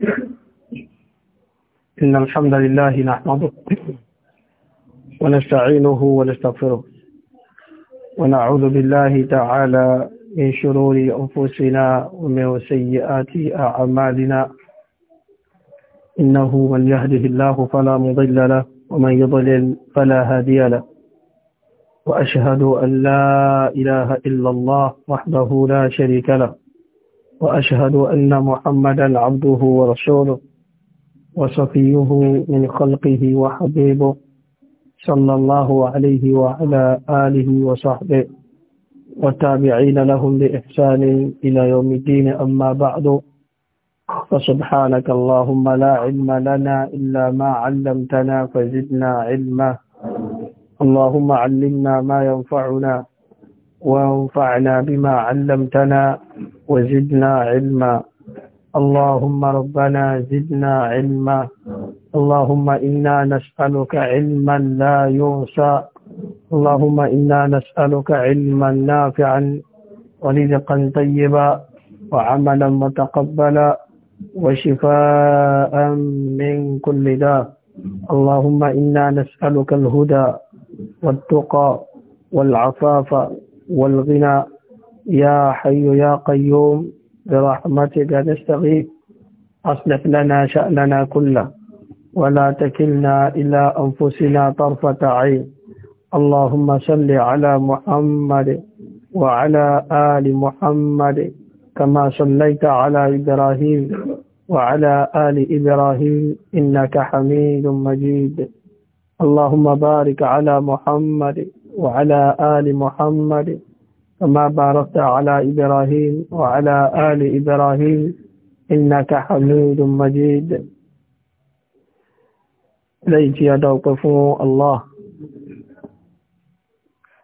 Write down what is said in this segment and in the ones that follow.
إن الحمد لله نحمده ونستعينه ونستغفره ونعوذ بالله تعالى من شرور أنفسنا ومن سيئات أعمالنا إنه من يهده الله فلا مضل له ومن يضلل فلا هادي له وأشهد أن لا إله إلا الله وحده لا شريك له وأشهد أن محمدا عبده ورسوله وصفيه من خلقه وحبيبه صلى الله عليه وعلى آله وصحبه والتابعين لهم بإحسان إلى يوم الدين أما بعد فسبحانك اللهم لا علم لنا إلا ما علمتنا فزدنا علما اللهم علمنا ما ينفعنا وانفعنا بما علمتنا وزدنا علما اللهم ربنا زدنا علما اللهم إنا نسألك علما لا يغسى اللهم إنا نسألك علما نافعا ورزقا طيبا وعملا متقبلا وشفاء من كل داء اللهم إنا نسألك الهدى والتقى والعفاف والغنى يا حي يا قيوم برحمتك نستغيث أصلح لنا شأننا كله ولا تكلنا إلى أنفسنا طرفة عين اللهم صل على محمد وعلى آل محمد كما صليت على إبراهيم وعلى آل إبراهيم إنك حميد مجيد اللهم بارك على محمد وعلى آل محمد كما باركت على إبراهيم وعلى آل إبراهيم إنك حميد مجيد ليت يدوقف الله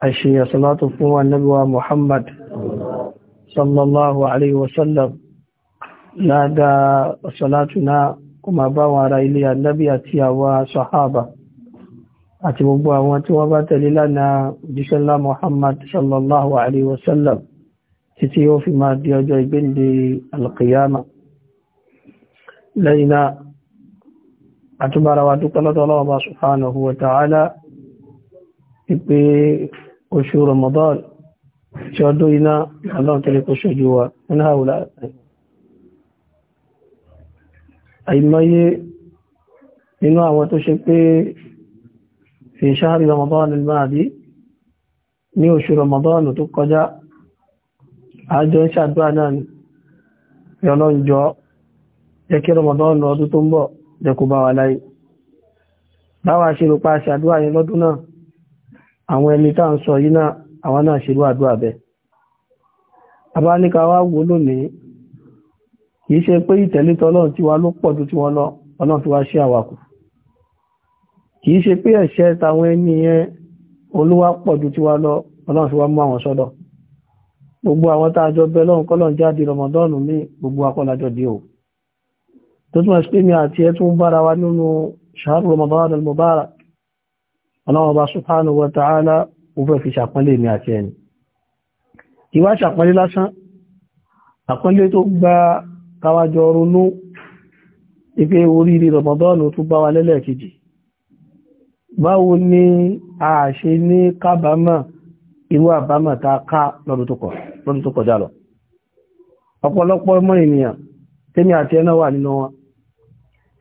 أشي صلاة فو النبوة محمد صلى الله عليه وسلم لا دا صلاتنا كما باوى إلي النبي أتيا وصحابه àti gbogbo àwọn tí wọ́n bá tẹ̀lé lánàá òjíṣẹ́lá Muhammad sallallahu alaihi wasallam títí ó fi máa di ọjọ́ ìgbéǹde alkiyama lẹ́yìn náà àtúbára wa dúpẹ́ lọ́dọ̀ Ọlọ́run Ọba subhanahu wa ta'ala nínú àwọn tó ṣe pé في شهر رمضان الماضي ní oṣù Ramadan tó kọjá àjọ ń ṣàdúrà náà ni yọlọ́njọ́ jẹ́ kí Ramadan ọdún tó ń bọ̀ jẹ́ kó bá wà láyé báwa ṣe rò pa ṣàdúrà yẹn lọ́dún náà àwọn ẹni tá ń sọ yìí náà àwọn náà ṣe rú àdúrà bẹ́ẹ̀ bàbá ní ká wá wò lónìí kìí ṣe pé ìtẹ̀lé tọ́lọ́run tí wa ló pọ̀ ju tí wọ́n lọ ọlọ́run tí wá ṣe àwàkù kìí ṣe pé ẹ̀ṣẹ̀ tàwọn ẹni yẹn olúwa pọ̀ ju tiwa lọ ọlọ́run fi wá mú àwọn sọ́dọ̀ gbogbo àwọn tá a jọ bẹ lọ́run kọ́lọ́n jáde rọmọdọ́ọ̀nù ní gbogbo akọ́lájọ dé o tó túnmọ̀ sí pé mi àti ẹ tún bára wa nínú ṣàárù rọmọdọ́ọ̀nù al-mubarak ọlọ́run tó bá wa lẹ́lẹ́kejì báwo ni a ṣe ní kábàámà irú àbámà ta ká lọ́dún tó kọjá lọ ọ̀pọ̀lọpọ̀ ọmọ ènìyàn tẹ́mi àti ẹ̀nà wà nínú wọn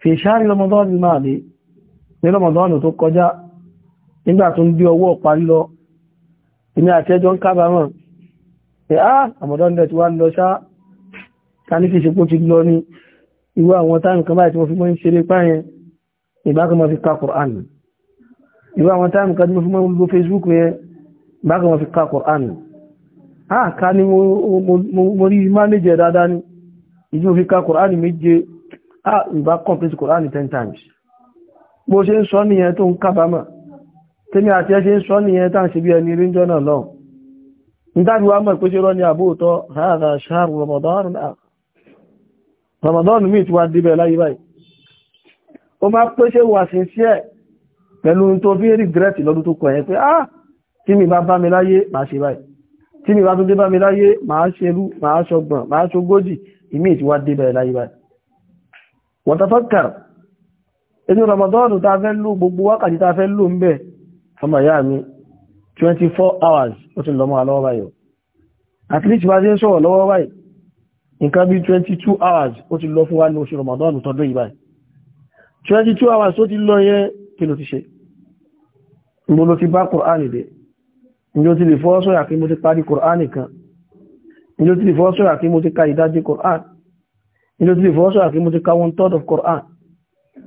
fi ṣáàrí lọmọdọ́nù máa lè ní lọmọdọ́nù tó kọjá nígbà tó ń bí ọwọ́ parí lọ èmi àti ẹjọ́ ń kábàámà ẹ̀ á àmọ̀dọ́nù rẹ̀ ti wá lọ ṣá ká ní fìṣe pó kan báyìí fi mọ́ ń irú àwọn táàmù kan tí mo fi mọ́ gbogbo facebook yẹn bákan wọn fi ká Qur'an àká ní mo rí manager dáadáa ní ìjú mo fi ká Qur'an méje à ìbá complete Qur'an ten times bó ṣe ń sọ nìyẹn tó ń kábàámà tẹ́mi àti ẹ́ ṣe ń sọ nìyẹn tá à ń ṣe bí ẹni ríńjọ́ náà lọ́wọ́ ndáàbí wa mọ̀ pé ṣe rọ́ ní àbóòtọ́ hàrà ṣàrù Ramadan mi ti wá débẹ̀ láyé báyìí ó máa pé ṣe wà sí sí ẹ̀ pẹ̀lú tó fi rìgírẹ́tì lọ́dún tó kọ ẹ̀ pé ah tí mi bá bá mi láyé máa ṣe báyìí tí mi bá tún dé bá mi láyé máa ṣerú máa ṣọgbọ̀n máa ṣogójì ìmí ìtí wá dé bẹ̀rẹ̀ láyé báyìí wọ́n ta Ramadan ta fẹ́ lò gbogbo wákàtí ta fẹ́ lò hours ó ti lọ́mọ alọ́wọ́ at least bá ṣe ń sọ̀rọ̀ lọ́wọ́ báyìí nǹkan hours ó ti lọ Ramadan tọdún yìí báyìí 22 hours ó ti lọ yẹn kí ló ti ṣe níbo ló ti bá kùránì dé níjó ti lè fọ́ sọ́yà kí mo ti parí kùránì kan níjó ti lè fọ́ sọ́yà kí mo ti ka ìdájí kùránì níjó ti lè fọ́ sọ́yà kí mo ti ka one third of kùránì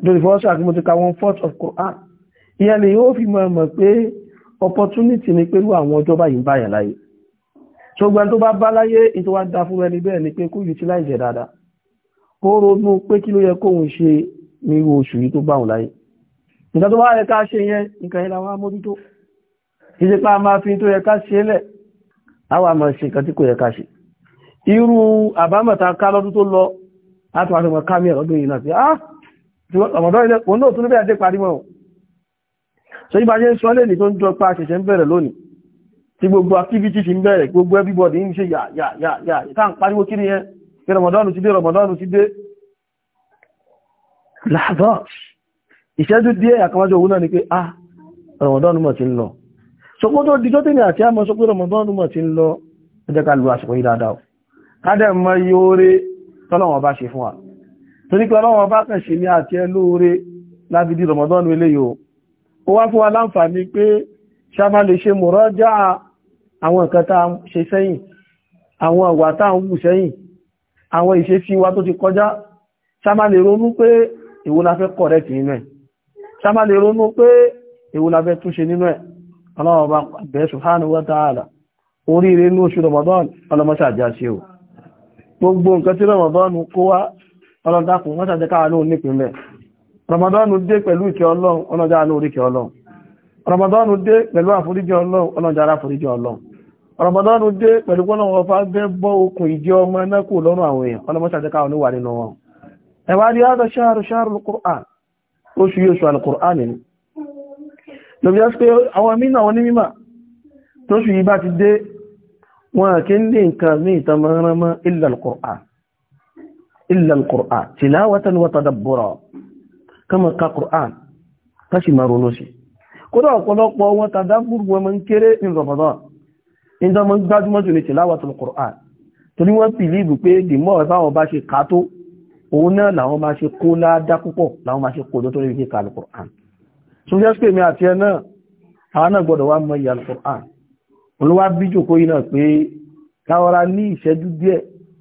níjó ti lè fọ́ sọ́yà kí mo ti ka one fourth of kùránì ìyẹn lè yóò fi mọ̀ pé opportunity ni pẹ̀lú àwọn ọjọ́ báyìí ń báyà láyé ṣogbọ́n tó bá bá láyé ìtò wá dá fún ẹni bẹ́ẹ̀ ni pé kó utilize dáadáa kó ronú pé kí ló yẹ kóhun ṣe ní oṣù yìí tó báhùn láyé nǹkan tó wá yẹ ká ṣe yẹn nǹkan yẹn làwọn amójútó ìṣe pa máa fi tó yẹ ká ṣe lẹ̀ àwọn àmọ̀ ṣe nǹkan tí kò yẹ ká ṣe irú àbámọ̀ta ká lọ́dún tó lọ láti wá ah ọmọdọ́ ilé òun náà tún ní bẹ́ẹ̀ dé parí mọ́ so yí bá ṣe ń sọ lẹ́nìí tó ń jọ pa ṣẹ̀ṣẹ̀ ń bẹ̀rẹ̀ lónìí tí gbogbo activity ti ń bẹ̀rẹ̀ gbogbo everybody ń ìṣẹ́jú díẹ̀ àkọwájọ́ òun náà ni pé ah Ramadan mọ̀ ti ń lọ sọpọ́ tó tí ni àti àmọ́ sọ pé Ramadan mọ̀ ti ń lọ ẹjẹ́ ká lu àsìkò yìí dáadáa kádẹ̀ mọ iye oore tọ́lọ́wọ́n bá ṣe fún wa torí pé ọlọ́wọ́n bá kàn ṣe ní àti ẹ lóore lábídí Ramadan eléyìí o ó wá fún wa láǹfààní pé lè ronú pé èwo la fẹ́ correct nínú ẹ̀ sábà lè ronú pé èwo la fẹ́ túnṣe nínú ẹ̀ ọlọ́run bá bẹ̀ẹ́ subhanahu wa ta'ala oríire ní oṣù ramadan ọlọ́mọṣà já sí o gbogbo nǹkan tí ramadan kó wá ọlọ́dàkùn mọ́ṣà jẹ́ káà lóò nípìnlẹ̀ ramadan dé pẹ̀lú ìkẹ́ ọlọ́run ọlọ́jà oṣù yóò ṣù alìkùránì ni lóbi yá pé àwọn mínà wọn ní mímà tó ṣù yìí bá ti dé wọn kí ní nǹkan ní ìtàmọ́ránmọ́ ìlàlùkùrán tilawatan wa tadabbura kama ka kùrán tashi maronu sí kódà ọ̀pọ̀lọpọ̀ wọn tàdábùrù wọn ń kéré ní Ramadan ìjọ mọ́ gbájúmọ́ jù ní òun náà làwọn máa ṣe kó ládá púpọ̀ làwọn máa ṣe kó ló tó rí kíkà alukur'an so jẹ́ pé mi àti ẹ náà àwọn náà gbọ́dọ̀ wá mọ iye alukur'an olúwa bí jòkó yìí náà pé káwọ́ra ní ìṣẹ́jú díẹ̀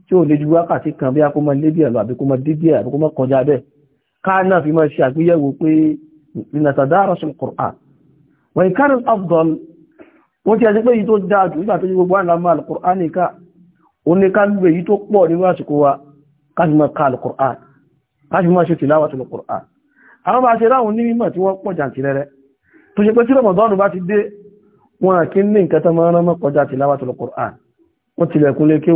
tí ò lè ju wákàtí kan bí akọ́mọ ilé díẹ̀ lọ àbí kọ́mọ dé díẹ̀ àbí kọ́mọ kọjá bẹ́ẹ̀ ká náà fi máa ṣe àgbéyẹ̀wò pé linatadarasul qur'an wa in kana afdal wọ́n ti ẹ̀ sí pé èyí tó dáa jù nígbà tó yí gbogbo àná máa alukur'an kájúmọ̀ ká alùkùrán kájúmọ̀ ṣe tìláwà tó lùkùrán àwọn bá ṣe ráhùn ní mímọ̀ tí wọ́n pọ̀ jàǹtì rẹ̀rẹ̀ tó ṣe pé tí rọmọdọ́nù bá ti dé wọn kí ní nǹkan tó máa rán mọ́kọjá tìláwà tó lùkùrán wọ́n tilẹ̀kùn lékè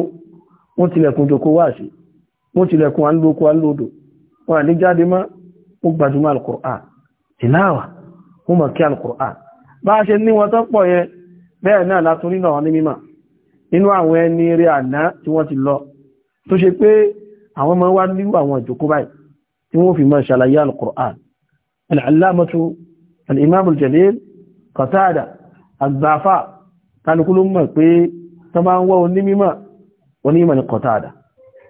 wọ́n tilẹ̀kùn jòkó wáàṣì wọ́n tilẹ̀kùn alóko alódò wọn ní jáde mọ́ ó gbajúmọ̀ alùkùrán tìláwà ó tó ṣe pé àwọn ọmọ wa nílùú àwọn ìjòkó báyìí tí wọ́n fi máa ṣàlàyé al-Qur'an al-allamatu al-imam al-jalil Qatada àgbàfà kálukú ló mọ̀ pé tó bá ń wọ́ onímọ̀ onímọ̀ ni Qatada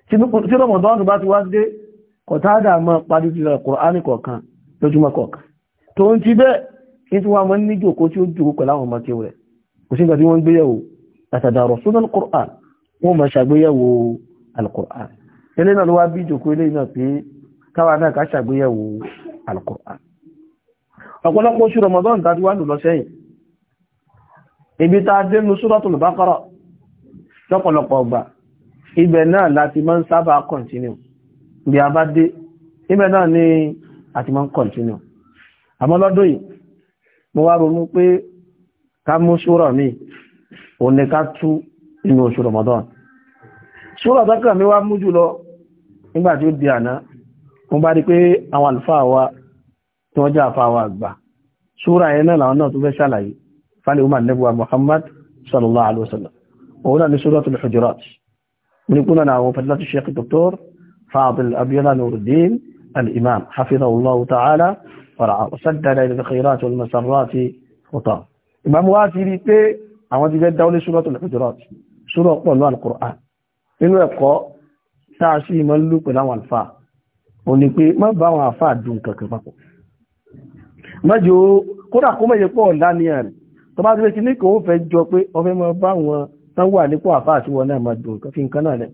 tí rọmọdọ́nù bá ti wá dé Qatada máa parí ti al-Qur'an kọ̀ọ̀kan lójúmọ́ kọ̀ọ̀kan tó ń ti bẹ́ẹ̀ kí tí wọ́n mọ́ ní jòkó tí ilé náà ló wá bí ìjòkó ilé náà pé káwa náà ká ṣàgbéyẹ̀wò Al-Qur'an ọ̀pọ̀lọpọ̀ oṣù Ramadan tàbí wà lọ sẹ́yìn ibi ta dé nu Suratul Baqara lọ́pọ̀lọpọ̀ ọgbà ibẹ̀ náà láti máa ń sábà kọ̀ntínú bí a bá dé ibẹ̀ náà ni àti máa ń kọ̀ntínú àmọ́ lọ́dún yìí mo wá ronú pé ká mú ṣúrọ̀ mi òun ni ká tú inú oṣù Ramadan ṣúrọ̀ tọ́kàn mi wá mú jùlọ nígbà tí ó di àná mo bá rí pé àwọn àlùfáà wa tí wọ́n jẹ́ àfáà wa àgbà súra yẹn náà làwọn náà tó fẹ́ ṣàlàyé fáni umar nebuwa muhammad sallallahu alaihi wasallam òun náà ní suratul hujurat ní kúnnà náà táa sí ìmọ̀ lú pẹ̀lú àwọn àlfà o ní pé má bá àwọn àfà dùn kankan papọ̀ mọ́jọ kódà kó mẹ́jẹ pọ̀ lánìyàn rẹ̀ tó bá tẹ́lẹ̀ kíní kò fẹ́ jọ pé ọfẹ́ mọ́ bá wọn tán wà nípò àfà àti wọn náà máa dùn nǹkan náà lẹ̀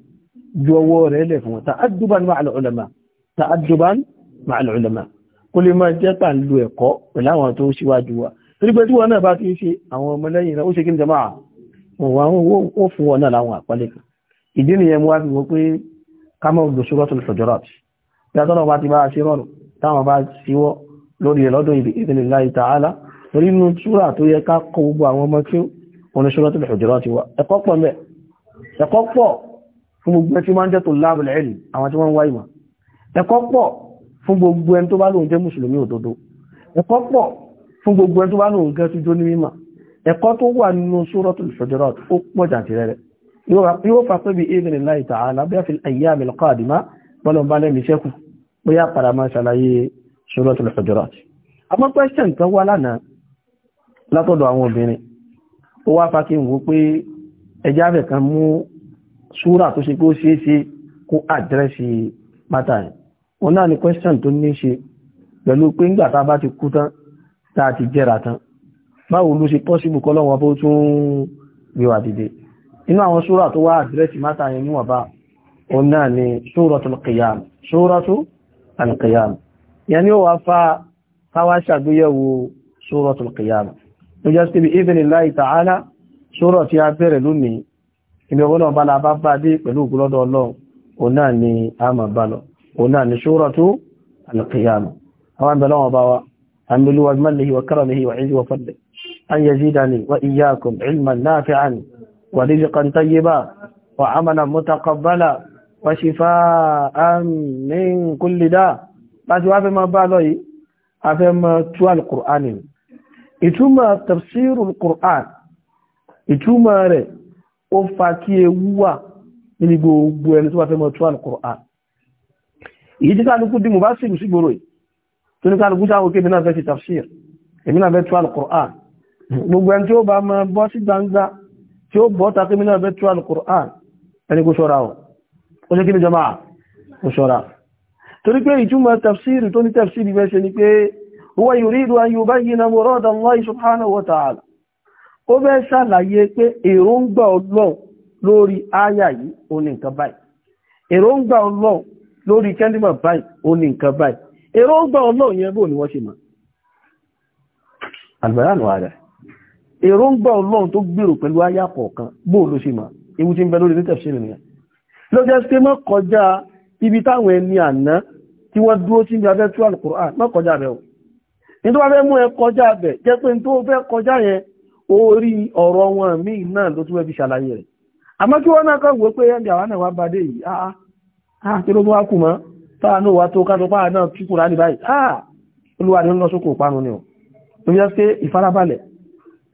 ju ọwọ́ rẹ̀ lẹ̀ fún wọn ta'adduban ma'al ulama ta'adduban ma'al ulama kó lè máa jẹ́ pà ń lo ẹ̀kọ́ pẹ̀lú àwọn tó síwájú wa torí pé tí wọn náà bá ti ṣe àwọn ọmọlẹ́yìn rẹ̀ ó ṣe kí ní jama'a wọn wọn ó fún wọn náà láwọn àpálẹ̀ kan ìdí nìyẹn mo wá fi wọ pé kámọ́ odò Suratul Hujurat bí a tọ́lọ̀ bá ti bá a ṣe rọrùn táwọn bá ṣíwọ́ lórí ẹ̀ lọ́dọ̀ ìdílé ta'ala torí inú súrà tó yẹ ká kọ gbogbo àwọn ọmọ kí òní Suratul Hujurat ti wá ẹ̀kọ́ pọ̀ mẹ́ ẹ̀kọ́ pọ̀ fún gbogbo ẹni tí máa ń jẹ́ tó láàbùl yóò fa pé bí ìdìrí láì tààlà bí a fi ayé àmì lọ́kọ́ àdìmá bọ́lọ̀ bá lẹ́mí sẹ́kù bóyá padà máa ṣàlàyé Suratul Hujurat. àmọ́ pẹ́ṣẹ̀ tó wá lánàá látọ̀dọ̀ àwọn obìnrin ó wá fa kí n wò pé ẹjá rẹ̀ kan mú súrà tó ṣe pé ó ṣeé ṣe kó àdírẹ́sì pátá yẹn wọn náà ni pẹ́ṣẹ̀ tó ní ṣe pẹ̀lú pé ńgbà tá a bá ti kú tán tá a ti jẹ́ra tán báwo ló ṣe pọ́sibù kọ́lọ́wọ́n bó tún gbé wa dìde inú àwọn ṣúra tó wá àdírẹ́sì mátà yẹn níwọ̀bá òun náà ni ṣúratul qiyam ṣúratul qiyam yẹn ni ó wá fa káwá ṣàgbéyẹ̀wò ṣúratul qiyam ló jẹ́ sí bi-idhnillahi ta'ala ṣúra tí a bẹ̀rẹ̀ lónìí ibi ọgbọ́n bá la bá bá dé pẹ̀lú ògúlọ́dọ̀ ọlọ́run òun an yazidani wa iyyakum 'ilman nafi'an ورزقا طيبا وعملا متقبلا وشفاء من كل داء láti wá fẹ́ máa bá lọ yìí a fẹ́ máa tú alkùránì ìtumọ̀ tafsirul kùrán ìtumọ̀ rẹ̀ ó fa kí ewu wà nínú gbogbo ẹni tó wá fẹ́ máa tú alkùrán èyí tí kálukú dí mú bá sí ìrùsígbòrò yìí tó ní kálukú sáwọn òkè mìíràn fẹ́ ti tafsir èmìíràn fẹ́ tú alkùrán gbogbo ẹni tí bá máa bọ́ sí gbangba tí ó bọ́ tàbí mílíọ̀nù bẹ́ tú al-Qur'an ẹni kó ṣọ́ra ọ̀ ó ṣe kí ni jama'a kó ṣọ́ra torí pé ìtumọ̀ tafsiri tó ní tafsiri bẹ́ ṣe ni pé huwa yuridu an yubayyina murada Allah subhanahu wa ta'ala ó bẹ́ ṣàlàyé pé èròǹgbà Ọlọ́run lórí áyà yìí ó ní nǹkan báyìí èròǹgbà Ọlọ́run lórí èròǹgbà ọlọ́run tó gbèrò pẹ̀lú àyà kọ̀ọ̀kan bóò ló ṣe mà ewu ti ń bẹ lórí títẹ̀ ṣe nìyẹn ló jẹ́ pé mọ́ kọjá ibi táwọn ẹni àná tí wọ́n dúró sí ibi abẹ́ tíwàlù kùrán mọ́ kọjá bẹ̀ o ní tó bá fẹ́ mú ẹ kọjá bẹ̀ jẹ́ pé tó fẹ́ kọjá yẹn orí ọ̀rọ̀ wọn míì náà ló tún fẹ́ fi ṣàlàyé rẹ̀ àmọ́ kí wọ́n náà kàn ah, ah ah kí ló tún wá kù mọ́ táà náà wá ah olúwa ni ó ń lọ sókò panu ìfarabalẹ̀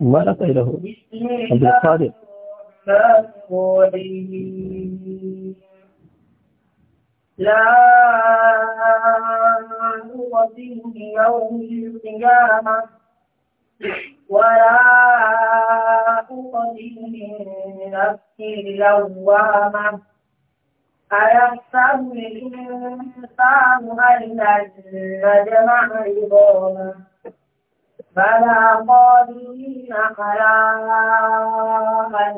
ماذا قيله عبد القادر لا أقسم يوم القيامة ولا أقسم نفسي اللوامة أيحسب الإنسان أن نجمع عظامه فلا قادرين على أن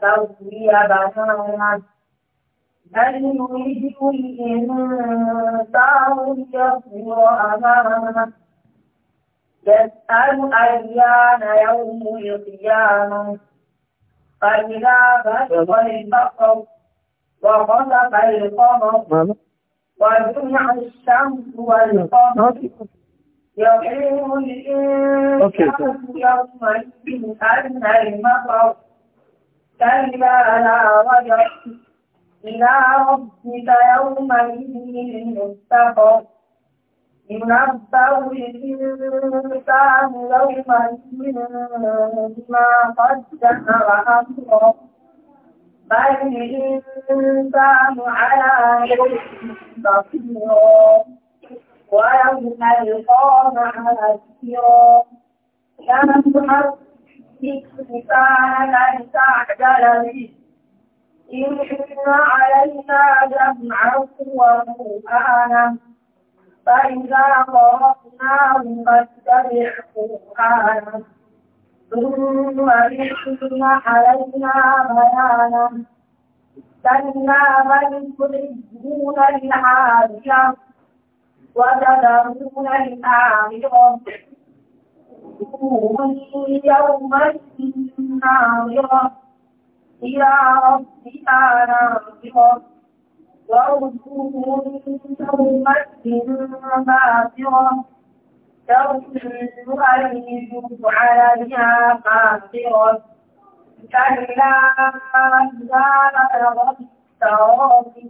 تسوي بصره بل يريد الإنسان ليصبر أمامه يسأل أيان يوم القيامة فإذا بشر البصر وخسف القمر وجمع الشمس والقمر يقول الإنسان يومئذ أن المطر كلا لا رجع إلى ربك يومئذ المستقر ينبأ الإنسان يومئذ بما قدم وأمره بل الإنسان على نفسه بصيرا ويوم يلقى معذرا لم تحرك لسانك لتعجل به إن علينا جمعه وقرآنه فإذا قرأناه فاتبع قرآنه ثم إن علينا بيانه كلا بل تحبون العاجلة وتذرون الآخرة يومئذ ناظرة إلى ربها ناظرة ووجوه يومئذ باسرة تظن أن يجوع عليها قاصرة كلا إذا بلغت التراقي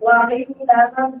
وقيل من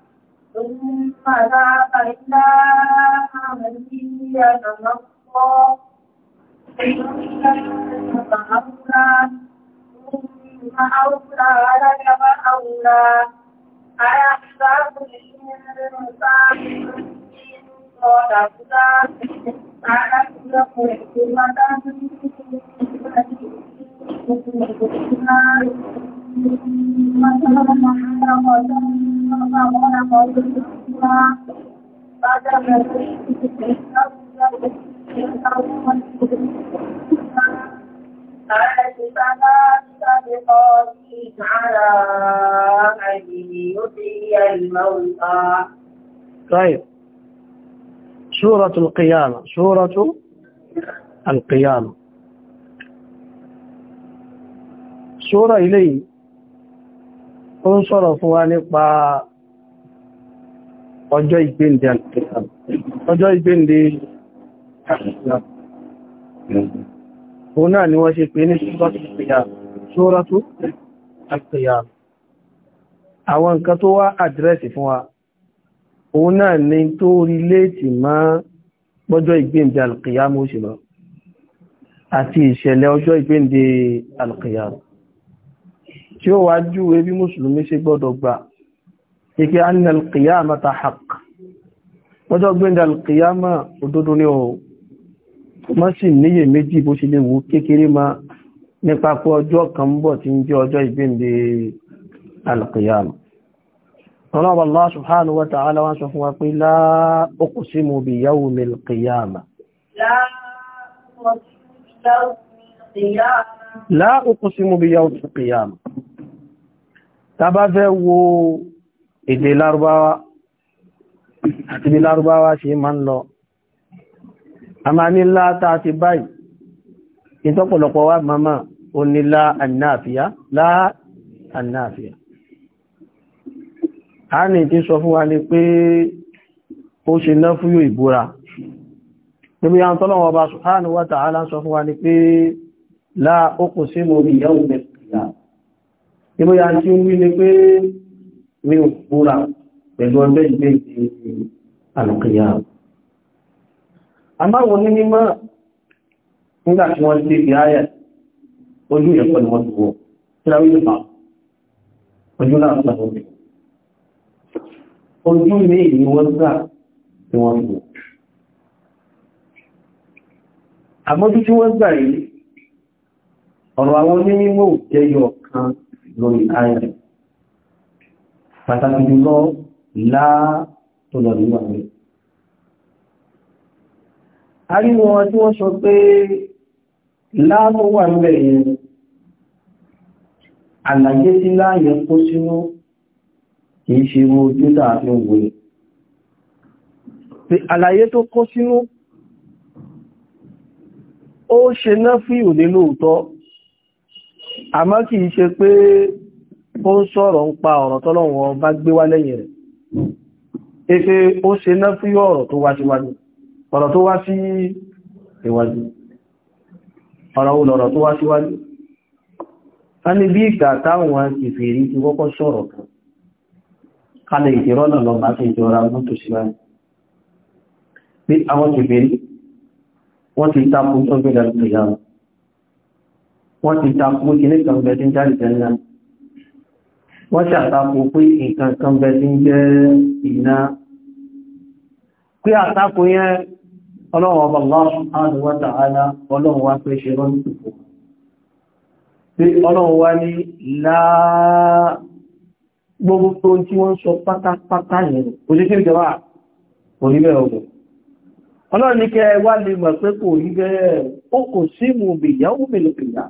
ثم ذهب إلى أهله يتمطى ثم أولى ثم أولى لك فأولى أيحسب الإنسان Thank you. طيب سورة القيامة سورة القيامة سورة إليه ó ń sọ̀rọ̀ fún wa nípa ọjọ́ ìgbéǹde ọjọ́ ìgbéǹde òun náà ni wọ́n ṣe pé ní ṣúrọ́tú àkìyà àwọn nǹkan tó wá àdírẹ́sì fún wa òun náà ni tó rí léètì má gbọ́jọ́ ìgbéǹde alkìyà mú sí lọ àti ìṣẹ̀lẹ̀ ọjọ́ ìgbéǹde alkìyà mú tí ó wá júwe bí mùsùlùmí ṣe gbọ́dọ̀ gbà ike annal qiyama ta haq ọjọ́ gbẹ́ndà alqiyama òdodo ni ọ̀hún má sì níyè méjì bó ṣe lè wú kékeré ma nípa pé ọjọ́ kan ń bọ̀ tí ń jẹ́ ọjọ́ ìgbẹ́ndé alqiyama ọlọ́wọ́ Allah subhanahu wa ta'ala wá sọ fún wa pé la uqsimu bi yawmil qiyama la uqsimu tàbá fẹ́ wo èdè lárúbáwá àti bí lárúbáwá ṣe máa ń lọ a máa ní láta ti báyìí ìtọ́pọ̀lọpọ̀ wá mamá o ní lá ànáàfíà láà ànáàfíà a ní tí sọ fún wa ní pé ó ṣe ná fúyò ìbúra níbi àwọn bá sọ fún wa ní pé láà ó kò sí mo ìyá òmìnir ìbóyá tí ó wí ni pé mi ò búra pẹ̀lú ọjọ́ ìgbé ìgbé àlùkìyà àmáwọn ní mímọ́ nígbà tí wọ́n ti fi ayẹ̀ ojú ìyẹ̀pọ̀ ni wọ́n ti wọ́ ojú mi ojú wọ́n gbà tí wọ́n ti wọ́ wọ́n gbà yìí ọ̀rọ̀ àwọn onímọ̀ jẹyọ kan lórí ayà pàtàkì jùlọ láà tó lọ ní wà ní àríwọ̀ tí wọ́n sọ pé láà tó wà ń bẹ̀rẹ̀ àlàyé tí láàyẹ kó sínú kìí ṣe mú ojú tààfin wòye àlàyé tó kó sínú ó ṣe náà fí ò lè lóòtọ́ àmọ́ kì í ṣe pé ó ń sọ̀rọ̀ ń pa ọ̀rọ̀ tọ́lọ́wọ́ bá gbé wá lẹ́yìn rẹ̀ efe ó ṣe ná fí ọ̀rọ̀ tó wá síwájú ọ̀rọ̀ tó wá sí ìwájú ọ̀rọ̀ olọ̀rọ̀ tó wá síwájú a ní bí ìgbà táwọn ìfèrí ti kọ́kọ́ sọ̀rọ̀ kan kalẹ̀ ìfèrí wọ́n ti tapó tó gbé wọ́n ti takò kìíní kan bẹ̀ tí ń jáde tẹ́lẹ̀ wọ́n ṣàtakò pé nǹkan kan bẹ̀ tí ń jẹ́ iná pé àtakò yẹn ọlọ́run ọba Allah wa ta'ala ọlọ́run wá pé ṣe rọ́n tìfò pé ọlọ́run wá ní láàá gbogbo tó tí wọ́n sọ pátápátá yẹn òṣìṣẹ́ ìjọba kò rí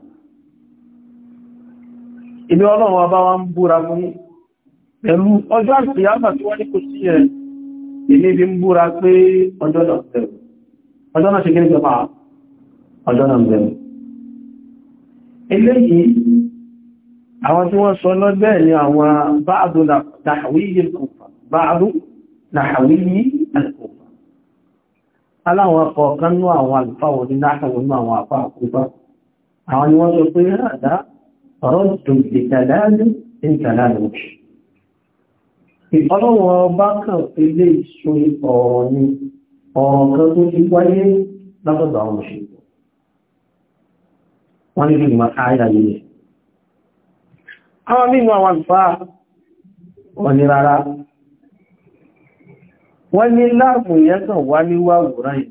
ìlú ọlọ́run ọba wa ń búra mú pẹ̀lú ọjọ́ àṣìyàmà tí wọ́n ní kò sí ẹ̀ ilé bí ń búra pé ọjọ́ náà ṣe kí ní pẹ̀pà ọjọ́ náà bẹ̀rẹ̀ eléyìí àwọn tí wọ́n sọ lọ́gbẹ́ ni àwọn báàdù nàhàwíyí kùfà báàdù nàhàwíyí kùfà aláwọn kọ̀ọ̀kan ní ọ̀rọ̀dùn ìtàlálù ìtàlálù ọlọ́wọ̀n ọba kan ilé ìṣò ọ̀rọ̀ ni ọ̀rọ̀ kan tó ti wáyé látọ̀dọ̀ àwọn òṣèlú wọ́n ní ìgbìmọ̀ ààyà yìí àwọn mímọ̀ àwọn àlùfáà wọ́n ní rárá wọ́n ní láàmù yẹn kàn wá níwá wòrán yìí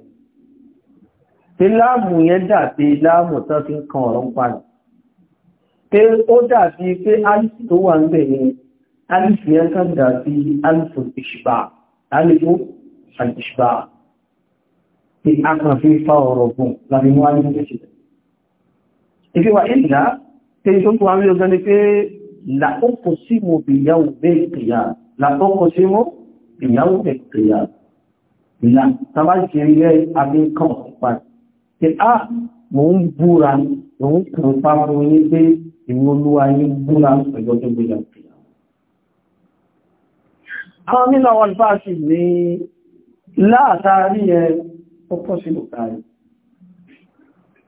yẹn dà bí láàmù tó fi ń kan ọ̀rọ̀ ń pàdé pé ó dàbí pé alifu tó wà ń bẹ̀ ni alifu yẹn kan dàbí alifu ìṣbà alifu ìṣbà tí a kàn fi fa ọ̀rọ̀ gùn láti mú alifu ìṣbà ìfíwà ìlà tí tó kú àwọn ọgbẹ́ni pé làkókò sí mo bí yàwó bẹ́ ìpìyà làkókò sí mo bí yàwó bẹ́ ìpìyà pé ah, ìwọ olúwa yín búra pẹ̀lú ọjọ́ gbé yàtọ̀. Àwọn nílọ wọn bá sì ní láàtàrí ẹ ọpọ̀ sí lòtàrí.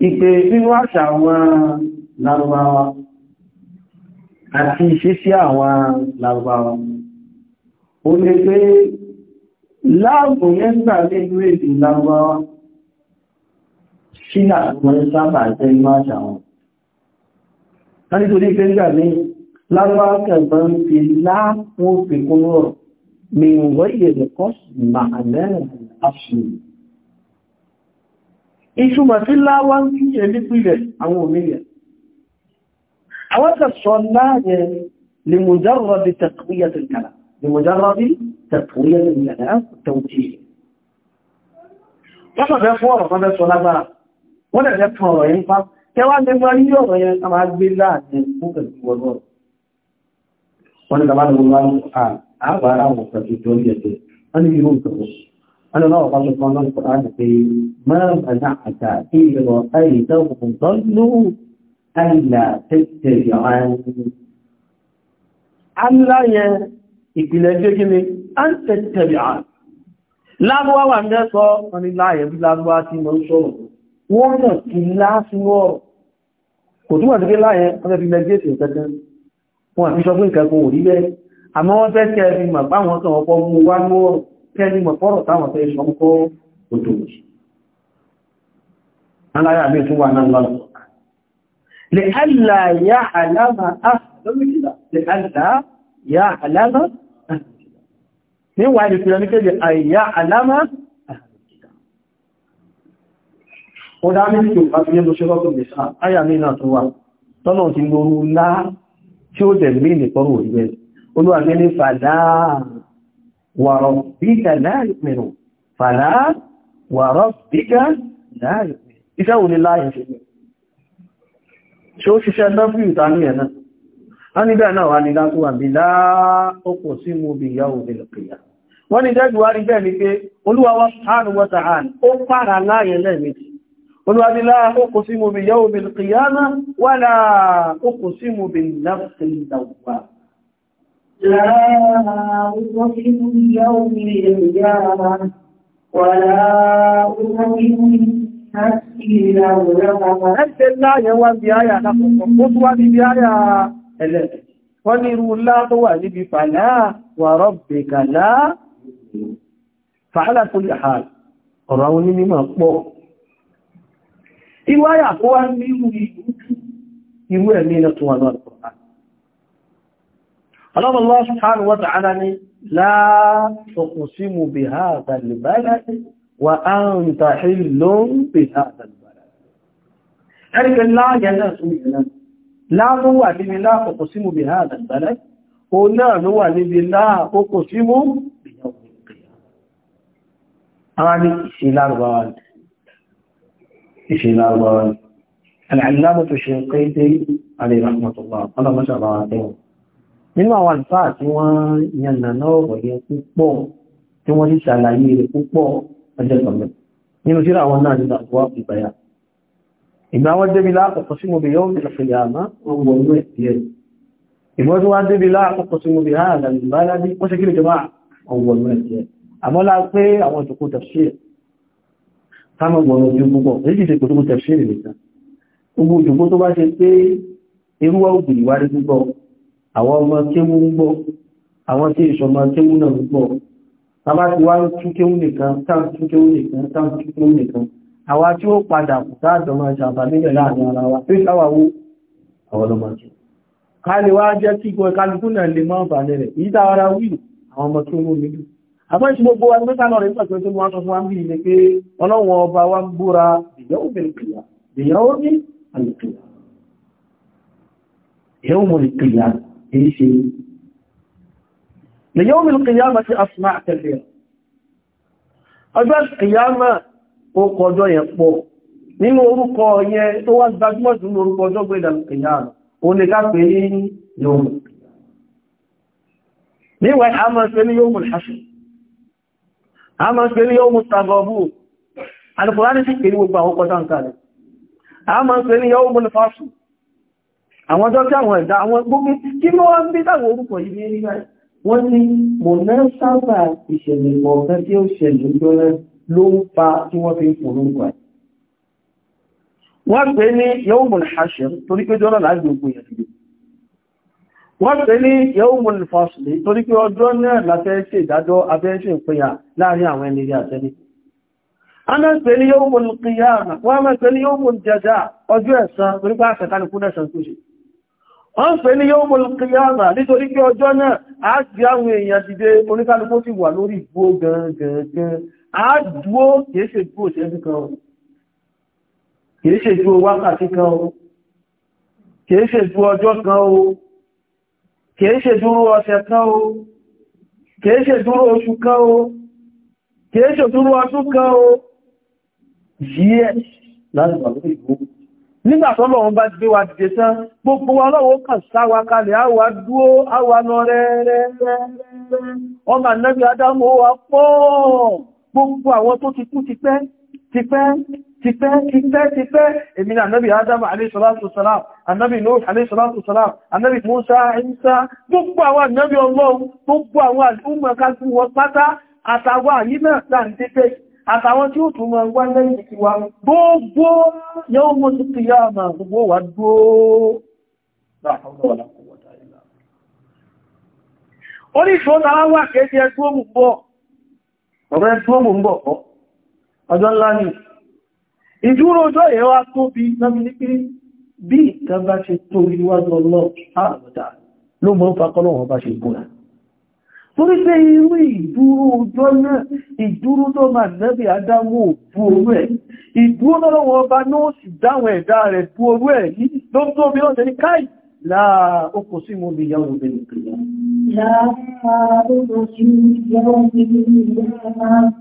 Ìpè nínú àṣà àwọn Lárúbáwá àti ìṣesí àwọn Lárúbáwá. Ó lè pé láàbò yẹ́gbà lè lórí èdè Lárúbáwá sí àwọn sábà jẹ́ inú àṣà wọn nítorí pé nígbà ní lábákẹ̀mọ́ ń fi láàpọ̀ fi kún rọ̀ mi ò wọ́yẹ̀ lẹ́kọ́ ìṣúmọ̀ sí láwá ń kí ẹ̀ nípìlẹ̀ àwọn òmìnir àwọn tẹ̀sọ̀ láàrẹ lè لمجرد تقوية الكلام التوجيه لقد يفور فما سلبا ولا يفور ينفع kẹwàá ní wọ́n rí ọ̀rọ̀ yẹn ká máa gbé láàrin fún pẹ̀lú ọlọ́rọ̀ wọ́n ni tàbá lọ́wọ́ wọn àgbàrá wọn pẹ̀lú tó rí ẹ̀jẹ̀ wọ́n ni irú ìtọ́wọ́ wọ́n ni lọ́wọ́ pàṣẹ kan lọ́nà kọ̀ọ̀rọ̀ àti pé máa ń bàjá àjà kí ìrọ̀ ayé tẹ́wọ̀n tó lù àìlà tẹ́tẹ̀ yọ̀ọ́rùn. Allah yẹn ìpìlẹ̀ jẹ́ kí ni a ń tẹ̀tẹ̀ yọ̀ọ́rùn. Lábúwá wà ń bẹ́ sọ, wọ́n ni láàyẹ̀ bí lábúwá ti mọ́ sọ̀rọ̀. wọ́n mọ̀ sí lásìnú ọ̀rọ̀ kò túnmọ̀ sí pé láyẹn wọ́n fi lẹ́gbẹ̀ẹ́sì ìtẹ́kẹ́ wọn àti sọ pé ìkẹ́kọ̀ ò rí bẹ́ẹ̀ àmọ́ wọ́n fẹ́ kẹ́ fi mọ̀ páwọn kan ọ̀pọ̀ mú wá ní ọ̀rọ̀ kẹ́ ó dá méjì ò bá fi yẹ́ lọ ṣe lọ́tọ̀ lè sáà áyà ní náà tó wà tọ́nà ti lóru ńlá tí ó jẹ̀ mí nìkọrù ìwẹ̀ olúwàgbé ní fàdá wàrọ̀ bí láàpọ̀ sí wọ́n ni jẹ́ jùwárí bẹ́ẹ̀ ni pé olúwa wọ́n sáàrùn wọ́ta àrùn ó pààrà láàyẹ̀ lẹ́ẹ̀mejì قلوا لا أقسم بيوم القيامة ولا أقسم بالنفس اللوامة لا أقسم بيوم القيامة ولا أقسم بالنفس اللوامة أنت الله يوان بيايا نقص قطوة بيايا ونروا الله طوالب فلا وربك لا فعلى كل حال قرأوني مما قبو irú àyà tó wá ní irú irú ẹ̀mí iná tó wà lọ́nà Al-Qur'an Allah subhanahu wa ta'ala ni la tuqsimu bi hadha al-balad wa anta hillun bi hadha al-balad ẹ̀rìkẹ́ láàyẹ náà tó yẹ náà láàrú wà níbi la tuqsimu bi hadha al-balad ó náà ló wà níbi la ìṣẹ̀lẹ̀ àgbàrá ni alàìlábò tó ṣe pé dé alẹ́ ìrànmọ̀tọ̀lá ọlọ́mọ́sàbà àdéhùn nínú àwọn àlùfáà tí wọ́n yànnà náà wọ̀nyẹ púpọ̀ tí wọ́n ti ṣàlàyé rẹ̀ púpọ̀ ọjọ́ ìgbàmọ̀ nínú síra àwọn náà nínú kámọ̀ gbọ́nà ojú púpọ̀ èyí ṣe pẹ̀lú tẹ̀ṣẹ́rì nìkan gbogbo òjògbó tó bá ṣe pé irúwà ògùn ìwárí púpọ̀ àwọn ọmọ kéwú ń gbọ́ àwọn tí ìṣọmọ kéwú náà ń gbọ́ bàbá ti wá tún kéwú nìkan táà tún kéwú nìkan táà nìkan àwa tí ó padà wa pé káwàwó àwọn ọmọ jù ká lè wá jẹ́ kíkọ ìkálukú náà lè mọ́ àǹfààní rẹ̀ àfẹ́sí gbogbo wa nígbà náà rẹ̀ pẹ̀lú tí wọ́n sọ fún wa ń bí ilé pé ọlọ́wọ́ ọba wa ń búra ìyàwó bẹ̀rẹ̀ ìyàwó ní àlùkìyà ìyàwó mọ̀ ìkìyà èyí ṣe ìyàwó mọ̀ ìkìyà máa ti asùnmá àtẹ̀lẹ̀ ọjọ́ ìkìyà máa ó kọjọ́ yẹn pọ̀ a máa ń pè ní yọ́mù tàbọ̀bù alùkùránì sí pèrí gbogbo àwọn kọjáǹkà rẹ̀ a máa ń pè ní yọ́mù nífàṣù àwọn ọjọ́ tí àwọn ẹ̀dá àwọn gbogbo kí ló wá ń bí dáwọn orúkọ yìí ní rí wọ́n ní mọ̀ náà sábà ìṣẹ̀lẹ̀ ọ̀fẹ́ tí ó ṣẹlẹ̀ lọ́rẹ́ ló ń fa tí wọ́n wọ́n pè ní yawmul fasl torí pé ọjọ́ náà láfẹ́ ṣe ìdájọ́ abẹ́ṣẹ́ ìpínyà láàrin àwọn ẹni rí àtẹ́lé aná pè ní yawmul qiyamah wọ́n mẹ́ pè ní yawmul jaza ọjọ́ ẹ̀san torí pé àṣẹ̀kánikú náà sàn tó ṣe wọ́n pè ní yawmul qiyamah nítorí pé ọjọ́ náà a ti àwọn èèyàn dìde oníkálukú kìí ṣe dúró ọ̀sẹ̀ kan o kìí ṣe dúró oṣù kan o kìí ṣe dúró ọdún kan o yíẹ̀ láàrín àwọn ìgbò nígbà tọ́lọ̀ wọn bá gbé wa dìde tán gbogbo wa tipẹ́ tipẹ́ tipẹ́ Emi náà anábì adam aleyhisalatusalam anábì nuh aleyhisalatusalam anábì musa isa gbogbo àwọn anábì ọlọ́run gbogbo àwọn àdúgbò kásù wọ pátá Atawa àyí náà sáà ń tẹ́fẹ́ àtàwọn tí ó tún máa wá lẹ́yìn ti wa gbogbo yóò mọ́ sí ti yá àmà gbogbo wà dúó oríṣò tàà wà kéèkéé tó mú bọ̀ ọ̀rẹ́ tó mú bọ̀ ọjọ́ ńlá ni ìdúró ọjọ́ yẹn wá tóbi lábílí pé bí ìkan bá ṣe tó iwájú ọlọ́ọ̀ta ló mọ́ ń fakọ́lọ́wọ́ bá ṣe gbọ́nà torí pé irú ìdúró ọjọ́ náà ìdúró tó máa nẹ́bí adáwò bú orú ẹ̀ ìdúró lọ́wọ́ ọba náà sì dáwọn ẹ̀dá rẹ̀ bú orú ẹ̀ yìí ló ń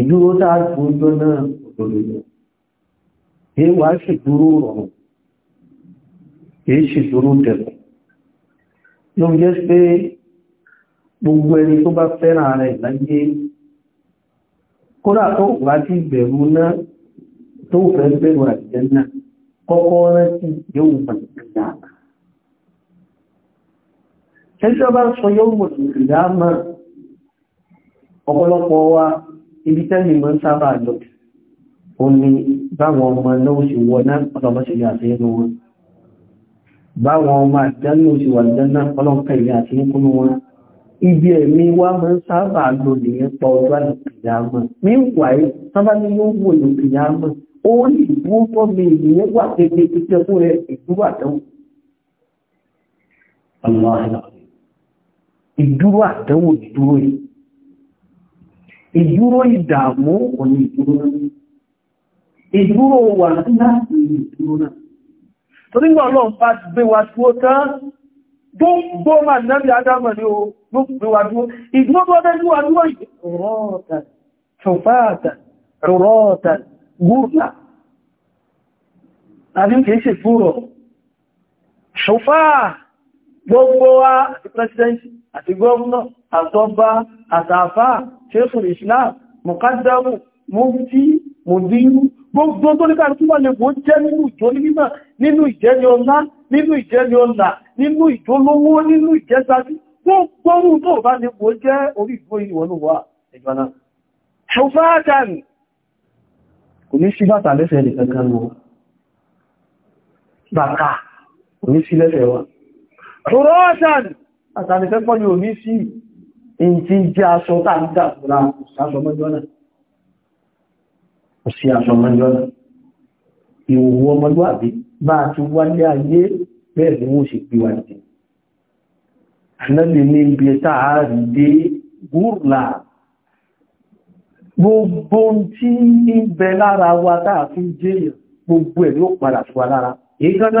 ìdúró táà gbójọ́ náà òdòdó èé wà sí dúró rọrùn èé sì dúró tẹ̀lẹ̀ ló jẹ́ pé gbogbo ẹni tó bá fẹ́ràn rẹ̀ láyé kódà tó wà tí bẹ̀rù náà tó fẹ́ bẹ̀rù àjẹ́ náà kọ́kọ́ rántí yóò mọ̀lẹ̀kìdá ẹjọ́ bá sọ yóò mọ̀lẹ̀kìdá mọ́ ọ̀pọ̀lọpọ̀ wa ibi tẹ́lì mọ́ sábà lọ o ní báwọn ọmọ náà sì wọ náà ọlọ́mọṣẹ̀lẹ̀ àti ẹnu wọn báwọn ọmọ àdánù sì wà dáná ọlọ́mọkẹ̀lẹ̀ àti ẹkùnú wọn ibi ẹ̀mí wá mọ́ sábà lọ nìyẹn pa ọjọ́ àlùkìyàmọ́ meanwhile sábà ní yóò wò ìdúró àdánwò ìdúró yìí ìdúró ìdààmú òní ìdúró náà ìdúró wà láti ìdúró náà tó nígbà ọlọ́run bá gbé wa tí ó tán gbogbo ma náàbí adámọ̀ ní o ló gbé wa dúró ìdúró tó ọdẹ́ ní wa dúró ìrọ́ọ̀tà ṣọ̀fáàtà rọ̀rọ̀ọ̀tà gúrùlà àbí kìí ṣe fúrọ̀ ṣọ̀fáà gbogbo wa president àti gọ́ọ̀nà àtọ́bá àtàfà ṣéṣùn islam mọ̀kádàmù mọ́fí mọ̀dínú gbogbo tó ní káàkiri wà lè bó jẹ́ nínú ìjọ nígbà nínú ìjẹni ọlá nínú ìjẹni ọlà nínú ìjọlówó nínú ìjẹsàbí gbogbo tó bá lè bó jẹ́ orí ìgbó ìwọ̀nù wà ìjọna ṣùfáàdàmì Rọ́ṣàn, àtàlẹ́fẹ́ pọ́ ni ò ní sí in ti jẹ́ aṣọ tàbídà fúnra aṣọ mọ́jọ́nà. Kò sí aṣọ mọ́jọ́nà. Ìwòwò ọmọlúwàbí bá ti wálé ayé bẹ́ẹ̀ ni wọ́n ṣe pí wà ní. Ànábì ní ibi táàrí dé Gbogbo tí ń bẹ lára wa táà fi jẹ́ gbogbo ẹ̀ yóò padà sí wa lára. Èé gánà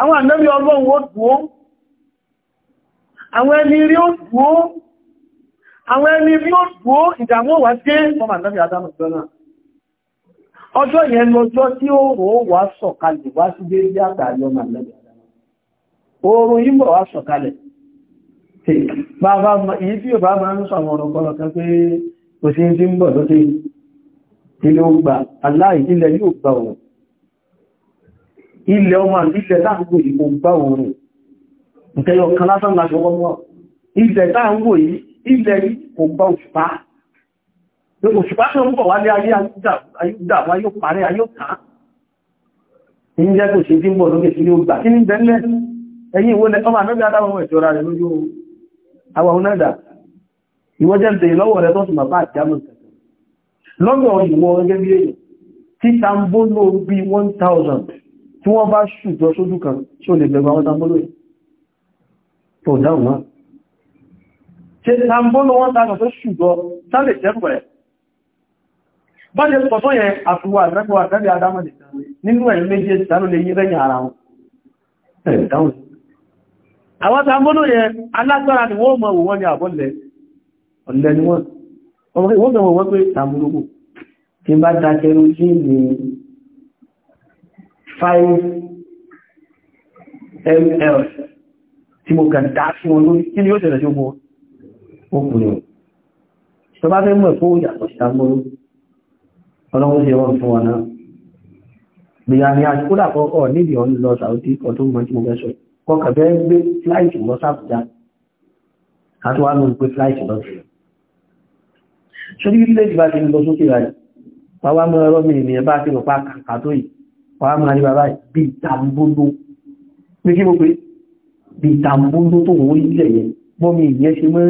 àwọn ànábì ọlọ́run ó dúó àwọn ẹni rí ó dúó àwọn ẹni rí ó dúó ìdàmú wà dé fọ́mà ànábì adámù gbọ́nà ọjọ́ yẹn lọ́jọ́ tí ó rò wá sọ̀kalẹ̀ wá sí déédé àtàlẹ́ ọmọ ànábì adámù oòrùn yìí bọ̀ wá ilẹ̀ ọmọ ìlẹ̀ táàgbò yìí kò gbá oòrùn ǹkẹyọ kan lásán láti ọwọ́ mọ́ ilẹ̀ táàgbò yìí ilẹ̀ kò gbá òṣùpá òṣùpá tí ó ń bọ̀ wálé ayé ayúdàwà yóò parẹ́ ayóta ìjẹ́ kò ṣe tí ń bọ̀ lókè sí ní ó gbà kí ní bẹ̀lẹ̀ ẹ̀yìn ìwó lẹ ọmọ àmẹ́bí adáwọn ọmọ ìjọra rẹ̀ lójú àwọn onáda ìwọ́jẹ́ ń tèyí lọ́wọ́ rẹ̀ tó sùn bàbá àti àmọ̀ lọ́gbọ̀ ìwọ̀ gẹ́gẹ́ bí èyí tí tambo ló bí 1000 tí wọ́n bá ṣùjọ sójú kan tí ó lè bẹ̀rọ àwọn tambolo tó dáhùn náà ṣe tambolo wọ́n tàbí tó ṣùjọ sáàlè tẹ́kùnrẹ̀ bá jẹ́ pọ̀tọ́ yẹn àfiwà àtẹ́kùwà tẹ́bí adámọ̀lẹ̀ nínú ẹ̀ méjì sánú lè yí rẹ̀yìn ara wọn àwọn tambolo yẹn alágbára ni wọ́n mọ̀ wọ́n ni àbọ́lẹ̀ ọ̀lẹ́ ni wọ́n 5 ml tí mo kàn dá sí wọn lórí kí ni yóò tẹ̀lẹ̀ tí ó mọ́ òkú ni tó bá fẹ́ mọ̀ fún ìyàtọ̀ sí agbóró ọlọ́run sí ọ̀rọ̀ fún ọ̀nà gbìyà ni àṣíkúdà kọ́kọ́ níbi ọ̀n lọ sàúdí ọdún mọ́ tí mo fẹ́ sọ kọkà fẹ́ gbé fláìtì lọ sàbújá àti wà lóun pé fláìtì lọ sí ṣorí ilé ìgbà ti lọ sókè rẹ̀ pàwọ́ mọ́ ẹ̀rọ mi ìrìn ẹ̀ bá ti rọ̀ pa wà á máa rí bàbá bí ìtàmbódó ní kí mo pé bí ìtàmbódó tó wọ́n ilẹ̀ yẹn bọ́mí ìyẹn ṣe mọ́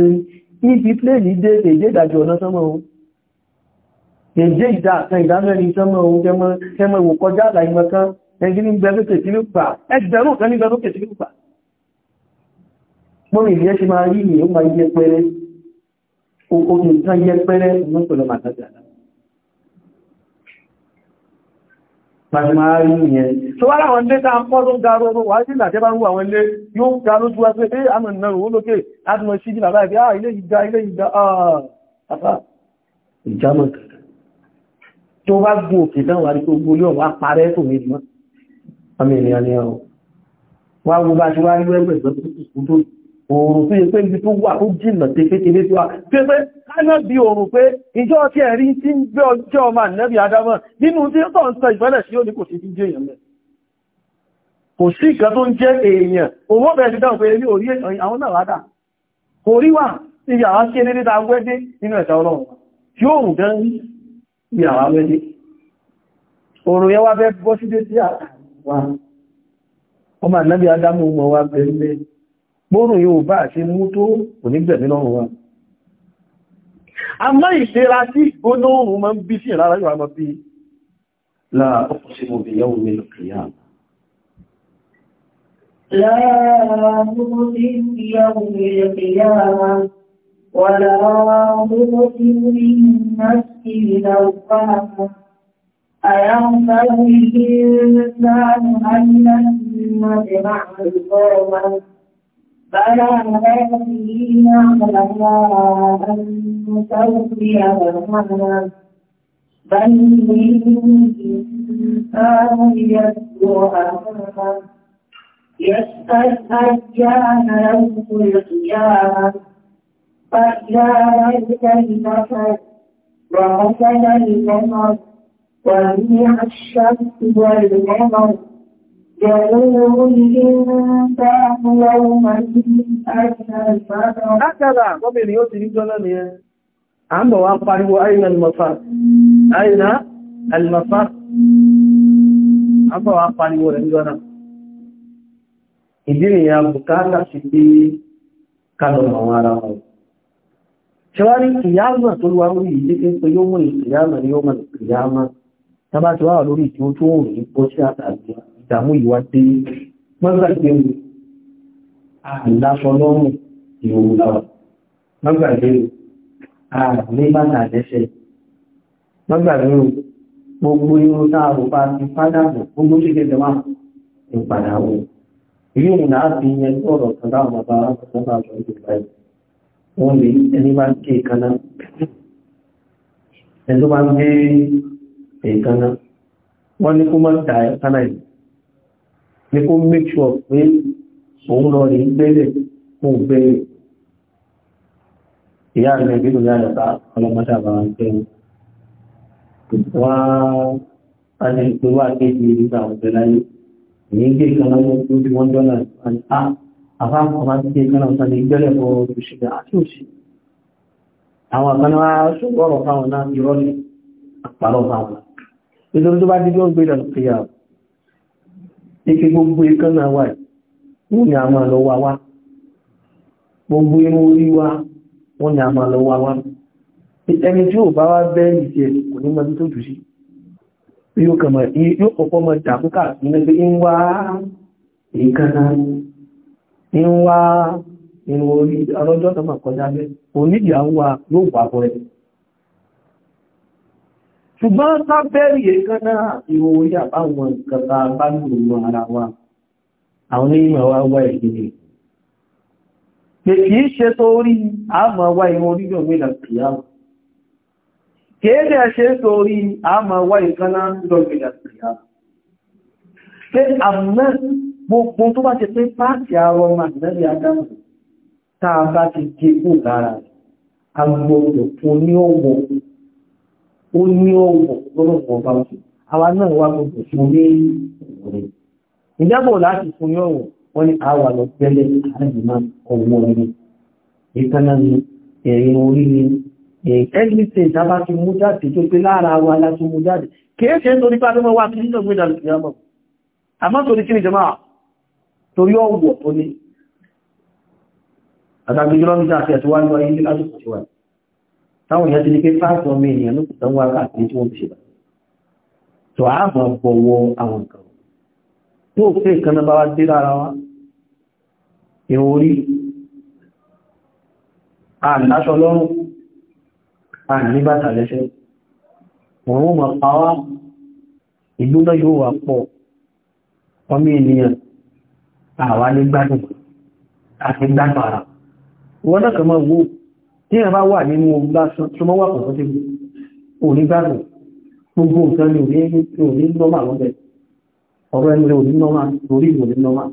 rí ibi pléèlì dé èdè ìdájọ́ ọ̀nà sánmọ́ ohun èdè ìdá àkan ìdámẹ́rin sánmọ́ ohun kẹmọ́ ìwò kọjá àlàyìmọ̀ kan ẹgbẹ́ni gbẹ́lókè tí ló gbà ẹgbẹ̀rún kan ní gbẹ́lókè tí ló gbà bọ́mí ìyẹn ṣe máa pàṣímáàrí yẹn tó wá láwọn ilé tàà kọ́ tó ń ga rọrọ wà sí ìlàjẹ́ bá ń wà wọn ilé yóò ga lójú wá pé ẹ́ àmì ìnàrò ó lókè láti ah, ah, mọ̀ sí ìlàbá ìgbé àà ilé ìgbà ilé ìgbà àà ìjámọ̀ tó bá gùn òkè náà wà ní gbogbo ilé ọ̀wà parẹ́ tó méjì mọ́ àmì ìrìn àníyàn wá gbogbo àti wá rí wẹ́gbẹ̀gbẹ̀ tó oòrùn tó yẹ pé ibi tó wà tó jìnà tẹ́fẹ́tẹ́fẹ́ tí wá tí pé káyọ́ bí oòrùn pé ìjọ tí ẹ̀rí tí ń gbé ọjọ́ ọmọ ànẹ́bí adámọ́ nínú tí ó tàn sọ ìfẹ́lẹ̀ sí òní kò sí tí jẹ́ èèyàn kò sí ìkan tó ń jẹ́ èèyàn owó bẹ̀rẹ̀ ti dáhùn pé ní orí àwọn náà rádà kò rí wà ní yàrá sí eré níta wẹ́dé nínú ẹ̀ta ọlọ́run tí ó rùn gan ní yàrá wẹ́dé oòrùn yẹn wá fẹ́ bọ́ sí dé sí àwọn ọmọ ànẹ́bí adámọ́ wọn wá bẹ̀rẹ̀ gbórùn yóò bá ṣe mú tó kò ní gbẹ̀mí lọ́rùn wọn a mọ́ ìṣẹ́ra sí ìgbóná oòrùn ma ń bí sí ìlara yóò àmọ́ bí láà sí mo bèèyàn omi lọ́kìyà أيغفر الإنسان أن لن نجمع عظامه فلا هذه نعلمها أن تغفر بل الإنسان يسلو أمامه يسأل أيان يوم القيامة فإذا رأيت البشر وغسل القمر وجميع الشمس والقمر Akẹ́bà gómìnà ó ti rí jọ́nà ni ẹ. A ń bọ̀ wá ń pariwo rẹ̀ jọ́nà. Ìdí ìyà bùkátà sí pé kálọ̀ àwọn ara wọn. Ṣẹwárí ìyáàmà tó lúwa orí ìdíkẹ́ pé yóò mú ìyáàmà ni yóò mọ̀ ìyáàmà. Tàbá ti lórí ìtí tó òun ní bó sí àtàgbà ìdàmú ìwà dé mọ́gbàgbé rú àìláṣọ lọ́rùn ìhòòhò láwà mọ́gbàgbé rú àìní bàtà lẹ́sẹ̀ mọ́gbàgbé rú gbogbo irú táàrù bá ti fádàbọ̀ gbogbo ṣe kẹta wà ìpadà wò èyí òun náà fi yẹn lọ́rọ̀ kan láwọn bàbá àwọn bàbá àwọn ìgbà yìí wọ́n lè ẹni bá ké kaná ẹni ń gbé èékaná wọ́n ní kó má ta ẹ̀káná yìí ní kó make sure pé òun lọ rí gbẹ́lẹ̀ kó gbẹ́lẹ̀ ìyá rẹ̀ nínú yára bá ọlọ́mọdé àbára gbẹ́lẹ̀ wọ́n á ní pé wà kéjì nígbà ọ̀gbẹ́ láyé èyí gbé kan lọ́wọ́ tó bí wọ́n dọ́là á àbá ọmọ ti gbé kan lọ́wọ́ ní gbẹ́lẹ̀ fọ́ òṣìṣẹ́ àti òṣìṣẹ́ àwọn àkànná ṣùgbọ́n ọ̀rọ̀ fáwọn náà irọ́ àpàrọ̀ fáwọn nítorí tó bá dídí ó ń gbé lọ sí ike gbogbo ikán náà wà wọ́n ni a máa lọ wá wá gbogbo inú orí wá wọ́n ni a máa lọ wá wá ẹni tí ò bá wá bẹ́ ìjẹ́ kò ní mọ́bí tó jù sí yóò kọ̀kọ́ mọ́ dàkúkà nígbẹ́ ń wá ìkánná ń wá inú orí ọlọ́jọ́ tó kọjá bẹ́ onídìí àwọn yóò wà fún ẹ̀ ṣùgbọ́n ká bẹ́rì ẹ̀kánná ìwò orí àbáwọn kẹta bá gbogbo ara wa àwọn onímọ̀ wá wá ìgbèrè kìí ṣe tó rí àmọ́ wá ìwọ̀n orí ìjọmìnà kìíyàwó kìí dẹ̀ ṣe tó rí àmọ́ wá ìkánná ìjọmìnà kìíyàwó pé ó ní ọ̀wọ̀ lọ́rùn ọba òṣù àwa náà wá gbogbo fún ní ìwòrán ìjábọ̀ láti fún ní ọ̀wọ̀ wọ́n ní àwà lọ tẹ́lẹ̀ àjùmá ọwọ́ ni ìkànnà ni ẹ̀yìn orí ni ẹgbẹ́sẹ̀ ìjábá ti mú jáde tó pé lára wa láti mú jáde kéèkéé torí bá lọ́wọ́ wá sí nínú ìgbéjà lùkìyàmọ̀ àmọ́ torí kí ni jọmọ́ torí ọ̀wọ̀ tó ní àtàgbèjọ́ lọ́mídà àti táwọn èèyàn ti ní pé fáàtọ̀ ọmọ ènìyàn ló kùtà wá láti tí wọ́n ti ṣe bá tó a máa bọ̀wọ̀ àwọn nǹkan tó fẹ́ ìkànnà bá wá dé lára wá ìrùn orí àìláṣọ lọ́rùn àìníbàtà lẹ́ṣẹ́ òun ma pa wá ìgbóná yóò wà pọ̀ ọmọ ènìyàn àwa àti gbádùn ara wọ́n náà kàn máa wó tí a bá wà nínú ogun lásán tó mọ́ wà pọ̀ tí ó ní gbádùn gbogbo nǹkan ní òní nọ́mà lọ́bẹ̀ ọ̀rọ̀ ẹnu rẹ̀ nọ́mà lórí òní nọ́mà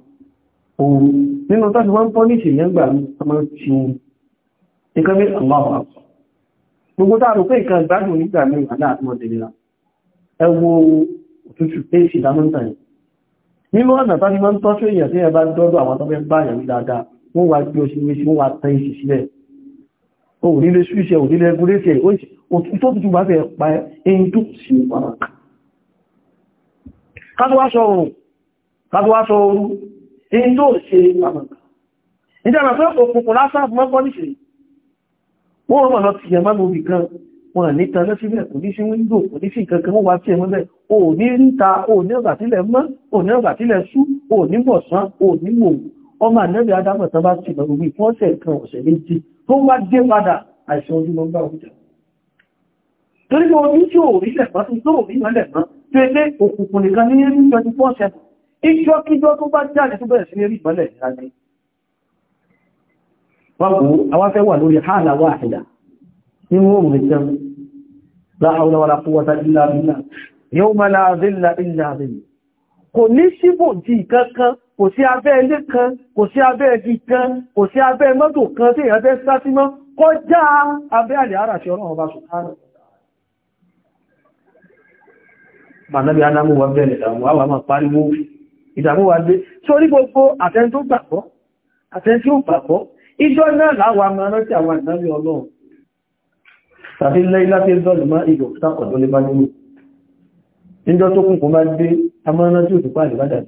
ohun nínú tó ti wọ́n pọ́ ní ìṣẹ̀yẹ́ gbà máa ti nǹkan bí ń tọ́jú èèyàn tí ònílé ṣúṣẹ́ ònílé ẹgbúréṣẹ́ tó tuntun bá fẹ́ pa ẹyìn tó sí ìpàdà kátọ́wáṣọ́ oòrùn kátọ́wáṣọ́ oòrùn ẹyìn tó ṣe ìpàdà ìjọba pé òkùnkùn lásán fún mọ́kọ́ níṣẹ́ wọ́n rọ̀ lọ ti yẹ̀mọ́ lórí kan wọn ní tan lọ síbẹ̀ kò ní sí wíńdò kò ní sí kankan wọ́n wá sí ẹ̀mọ́ bẹ́ẹ̀ ò ní ríta ò ní ọ̀gbà tílẹ̀ mọ́ ò ní ọ̀gbà tílẹ̀ sú ò ní bọ̀sán ò ní wò ọmọ ànẹ́bẹ̀ adámọ̀ tán bá ti lọ gbogbo ìfọ́ọ̀sẹ̀ kan ọ̀sẹ̀ méjì tó wá dé padà àìsàn ojú lọ gbá òjò torí pé ojú tí ò rí lẹ̀pá tó tó rí lẹ̀pá tó ẹgbẹ́ òkùnkùn nìkan ní ní 24 7 ìjọ kíjọ tó bá jáde tó bẹ̀rẹ̀ sí ní rí ìmọ́lẹ̀ ìrìnàjò wọ́n àwọn afẹ́ wà lórí hàlà wà àhìdà kò sí abẹ́ ilé kan kò sí abẹ́ igi kan kò sí abẹ́ mọ́tò kan tí èyàn fẹ́ sá sí mọ́ kọjá abẹ́ àlè ara ṣe ọlọ́run ọba sùkánù mànábí alámú wa bẹ̀rẹ̀ ìdàmú àwà máa pariwo ìdàmú wa dé sórí gbogbo àtẹni tó gbàgbọ́ àtẹni tí ó gbàgbọ́ ìjọ náà láwà máa rántí àwọn ìdàmú ọlọ́run tàbí lẹ́yìn láti dọ́lù máa ìjọ sápọ̀ tó lé bá nínú ìjọ tó kùnkùn máa dé amọ́rántí òtùpá ìbádàdì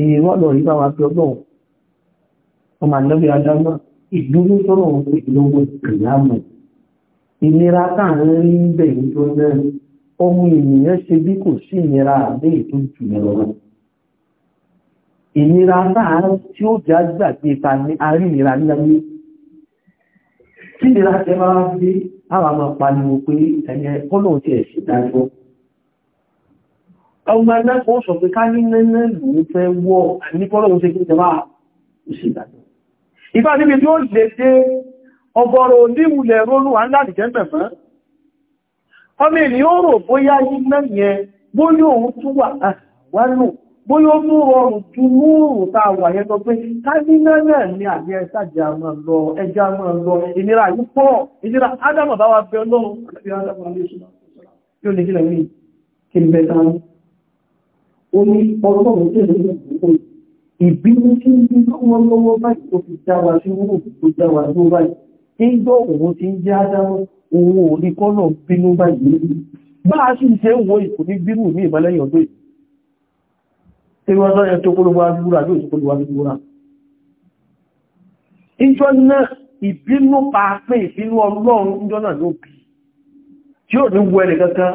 èyí wọ́lọ̀ rí bá wa fi ọlọ́run ọmọ ànábì adámọ́ ìdúró tọ́lọ̀ ìnira rí bẹ̀ tó náà ọmọ ènìyàn ṣe bí kò sí ìnira àbẹ́ ètò ìtùnú lọ ìnira tí ó já ta ní arí ìnira ìnira máa àwọn pariwo pé ẹ̀yẹ ọmọ ẹlẹ́kọ́ sọ pé ká ní nẹ́nẹ́ lòó fẹ́ wọ́ nípọ́lọ́wọ́ sí kí jẹmá òṣìdàdọ̀. ìfà níbi tí ó lè dé ọgọ́rọ̀ oníwulẹ̀ rónú aláàdì jẹ́mẹ̀ fẹ́ ọmọ ènìyàn rò bóyá iná yẹn bóyá òun tún wà wánú bóyá ó tún rọrùn ju múrùn tá wà yẹn tó pé ká ní nẹ́nẹ́ ní àbí ẹsàjà máa lọ ẹja máa lọ ìnira yìí pọ̀ ìnira ádámọ̀ bá wa bẹ ọlọ́run yóò ní kí lẹ́yìn kí n ó ní ọlọ́run tó lè ní ìgbìmọ̀ ìbínú tí ń bí lọ́wọ́ lọ́wọ́ báyìí tó fi dá wa sí wúrò tó dá wa ló báyìí tí ń gbọ́ òun ti ń já dáwọ́ owó orí kọ́nà bínú báyìí bá a sì ṣe wo ìkò ní bírù ní ìmọ̀lẹ́yìn ọdún yìí tí wọ́n lọ́yẹ tó kólówó abúrà yóò tó kólówó abúrà ìjọ náà ìbínú pàápín ìbínú ọlọ́run ìjọ náà ló bí tí ò ní wọ ẹnì kankan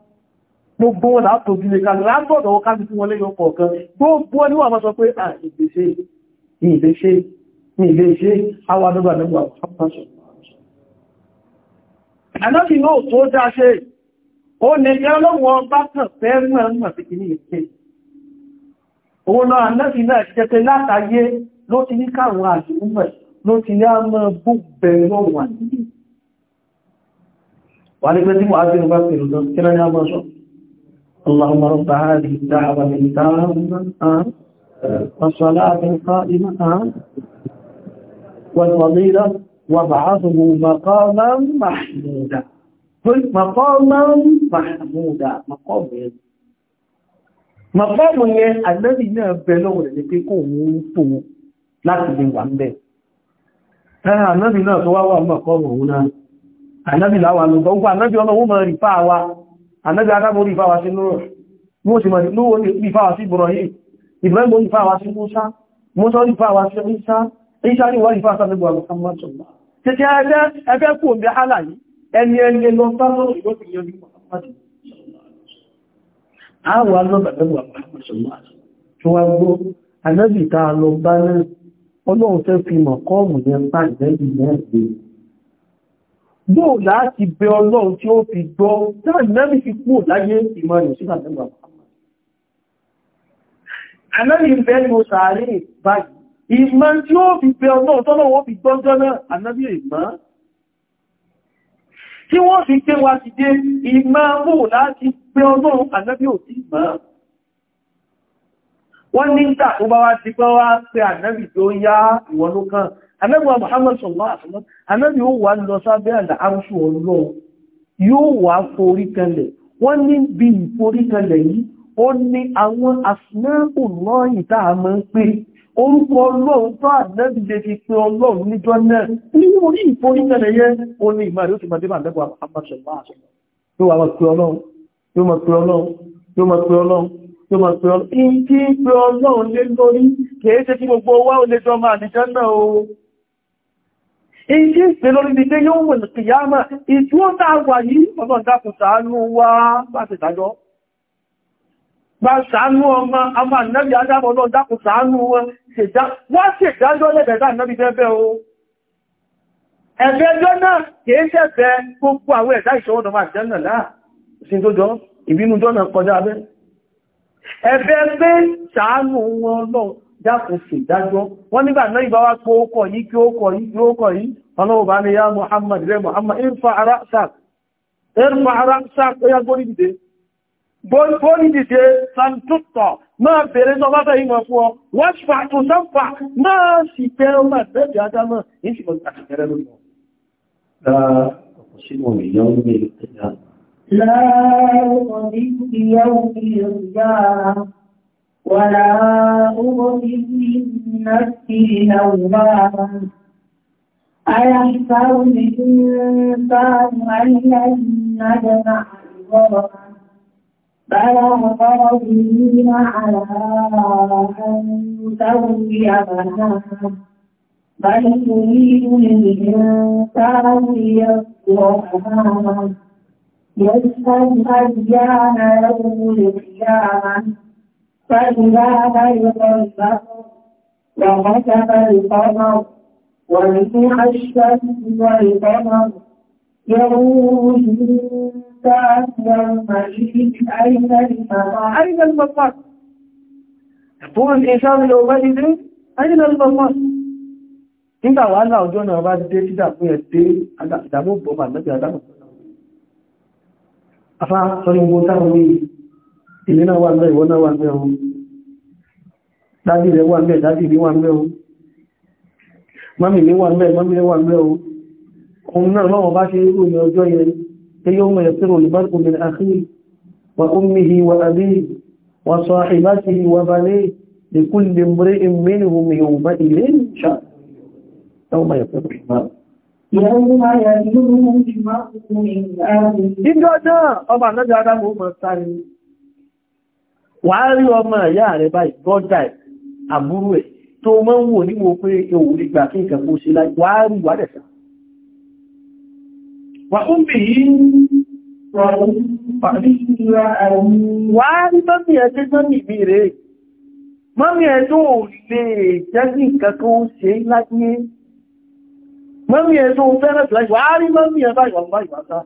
gbogbo wọn látò dílé kálù látọ̀dọ̀ wọn kálù fún wọn lẹ́yọ kọ̀ọ̀kan gbogbo wọn ni máa sọ pé à ah, ìgbésẹ̀ ìgbésẹ̀ ìgbésẹ̀ àwọn adọ́gbà lẹ́gbà pápásọ̀ ànábì náà tó dáṣe ó ní yẹ́ lọ́wọ́ bá kàn fẹ́ mọ̀ sí kìí ìpẹ́ òun náà ànábì náà ti jẹ́ látàyé ló ti ní káwọn àjùmọ̀ ló ti ní àmọ́ búgbẹ̀rẹ̀ lọ́wọ́ wà nígbẹ̀ tí wọ́n á bí ọgbà pẹ̀lú náà kí اللهم رب هذه الدعوة التامة والصلاة القائمة والفضيلة وابعثه مقاما محمودا قل مقاما محمودا مقام mọ̀pọ̀mù yẹn àlẹ́bì náà bẹ lọ́wọ́ rẹ̀ ní pé kò wọ́n tó láti lè wà ń bẹ̀. ẹ̀rẹ́ àlẹ́bì náà tó wa ànábì adámọ́ orí ìfáwà sí lóòrùn mú sí mọ̀lẹ̀ lówó ìfáwà sí Ibrahim Ibrahim orí ìfáwà sí Musa Musa orí ìfáwà sí Isa Isa ní wọ́n ìfáwà sí gbogbo Muhammad sọ̀rọ̀ tẹ́tẹ́ ẹgbẹ́ kú òmìnir hálà yìí ẹni ẹni lọ sọ́rọ̀ ìgbókùnrin Muhammad sọ̀rọ̀ àwọn alọ́bàá bóò láti bẹ ọlọ́run tí ó fi gbọ́ dáàmì fi kú láyé ìmọ̀rìn sí àtẹ́gbà àmẹ́rì ìfẹ́ ni ó sàárè báyìí ìmọ̀ tí ó fi bẹ ọlọ́run tọ́lọ́wọ́ fi gbọ́jọ́ náà ànábì ìmọ̀ tí wọ́n fi ké wa ti dé ìmọ̀ bóò láti bẹ ọlọ́run ànábì ò sí ìmọ̀ wọ́n nígbà tó bá wá ti gbọ́ wá pé ànábì tó yá ìwọ̀n ló anábíwá Muhammad sallallahu alaihi wasallam anábí ó wà lọ sábẹ́ àlà arúṣù ọlọ́run yóò wà forí kanlẹ̀ wọ́n ní bí ìforí kanlẹ̀ yìí ó ní àwọn asnáàkù lọ́yìn tá a máa ń pè orúkọ ọlọ́run tó ànábì lè fi pé ọlọ́run níjọ́ náà ní orí ìforí kanlẹ̀ yẹn ó ní ìmọ̀ rẹ̀ ó sì máa dé bá anábíwá Muhammad sallallahu alaihi wasallam yóò wà máa pè ọlọ́run yóò máa pè iṣẹ́ ìpẹ́ lórí bí pé yóò wò ní kìyàmà ìtú ó sáàwà yìí ọlọ́n dákùn ṣàánú wá bá ti dájọ́ bá ṣàánú ọmọ àmà nẹ́bí adámọ́ ọlọ́n dákùn ṣàánú wọ́n ṣèdájọ́ lẹ́bẹ̀ẹ́dá nẹ́bí bẹ́ẹ̀ o ẹ̀bẹ̀ ẹjọ́ náà kìí ṣẹ̀fẹ́ gbogbo àwọn ẹ̀dá ìṣọwọ́dọ̀ máa jẹ́ náà láà sí tó jọ ìbínú jọ́nà kọjá abẹ́ ẹ̀bẹ̀ pé ṣàánú wọn lọ́wọ́ dákùn sí dájọ́ wọ́n nígbà náà ìbá wá pé ó kọ̀ yìí kí ó kọ̀ yìí kí ó kọ̀ yìí ọlọ́wọ́ bá ní yá Muhammad rẹ̀ Muhammad irfa ara sáà irfa ara sáà ó yá gbórí dìde gbórí dìde santútọ̀ máa bèèrè tó bátà yìí máa fún ọ wáṣfà tó sáfà máa sì tẹ́ ọmọ àtẹ́jì adámọ̀ yìí sì mọ̀ àti ولا أبغي من نفسي لوامة أيحسب الإنسان أن لن نجمع عظامه بلى قادرين على أن تروي بنانه بل يريد الإنسان ليذكر أمامه يشهد أيان يوم القيامة فإذا برق البحر وغسب القمر ونفخ الشمس والقمر يروج الإنسان يومئذ أين المفر أين المفر يقول الإنسان يومئذ أين المفر nígbà wà náà ọjọ́ náà bá dé títà fún ẹ̀ dé àdàmú bọ́mà lẹ́gbẹ̀ẹ́ àdàmù afá sọ́rọ̀ ìwọ̀n táwọn ní ìwé náà wà ń bẹ́ ìwọ náà wà ń bẹ́ ohun dájú rẹ̀ wà ń bẹ́ dájú rí wà ń bẹ́ ohun mọ́mí ní wà ń bẹ́ mọ́mí rẹ̀ wà ń bẹ́ ohun ohun náà lọ́wọ́ bá ṣe irú ní ọjọ́ yẹn tí yóò mọ̀ ẹ̀fẹ́rò olùbárùkù min wa ummihi wa abihi wa sahibatihi wa banihi li kulli imri'in minhum yawma'idhin sha'nu yawma yafiru al-mar'u Ìjọ́ náà, ọba náà jẹ́ Adámù ó mọ̀ sáré wà á rí ọmọ ìyá rẹ̀ báyìí bọ́dà àbúrú ẹ̀ tó mọ́ ń wò níwò pé ewu rí gbà kí nǹkan kó ṣe láì wà á rí wà dẹ̀sà wà ó bì í wà á rí mọ́mí ẹ̀ tó lè jẹ́ kí nǹkan kó mọ́mí ẹ̀ tó fẹ́rẹ̀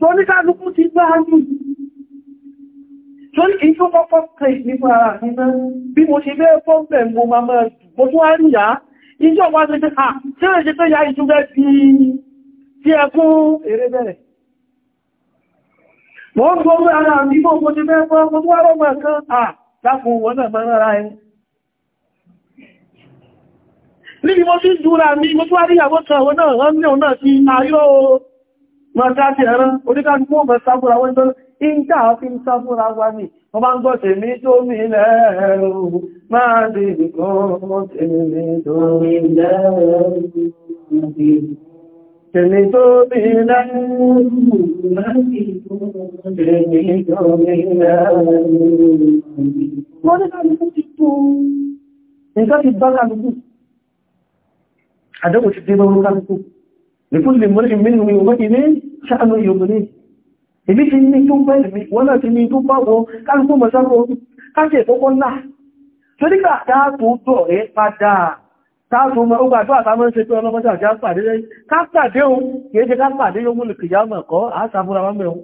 Tóníkàlùkú ti gbá ní. Tóní kìí tó kọ́kọ́ kìí nípa ara nípa bí mo ṣe bẹ́ẹ̀ fọ́n bẹ̀ mo máa mọ́ mo tún wá rí yá. Ìjọ wá ṣe pé à tí ó ṣe pé ya ìṣúgbẹ́ ti tí ẹkún eré bẹ̀rẹ̀. Mọ́ ń gbọ́ níbi mo sí jùra ní mo tó wá rí ìyàwó kan àwọn náà rán ní ọ̀nà sí ayọ́ mọ̀sáàtì ẹran oníkàlùkù mọ̀ sáfúra wọ́n tó ń tà fi ń sáfúra wá ní wọ́n bá ń gọ́ tèmi tó mi lẹ́rù máa máa dì tèmi tó mi lẹ́rù. Wọ́n àdánwò ti dé bọ́rún kálukú lèkún lè mọ́rí mínú mi ọmọ ilé ṣáànú ìyọ̀gbọ̀nẹ́ èmi ti ní tó bá ẹ̀mí wọ́n náà ti ní tó bá wọ kálukú mọ̀sáwọ́ káṣẹ̀ ìkọ́kọ́ ńlá torígbà dáàtò tọ̀ ẹ́ padà táàtò mọ́ ogbà tó àtàmọ́ ń ṣe pé ọlọ́mọdé àjá pàdé lẹ́yìn kápàdé ohun kìí ṣe kápàdé yóò múlù kìyà mọ̀ kọ́ àásàmúra wọn mẹ́rin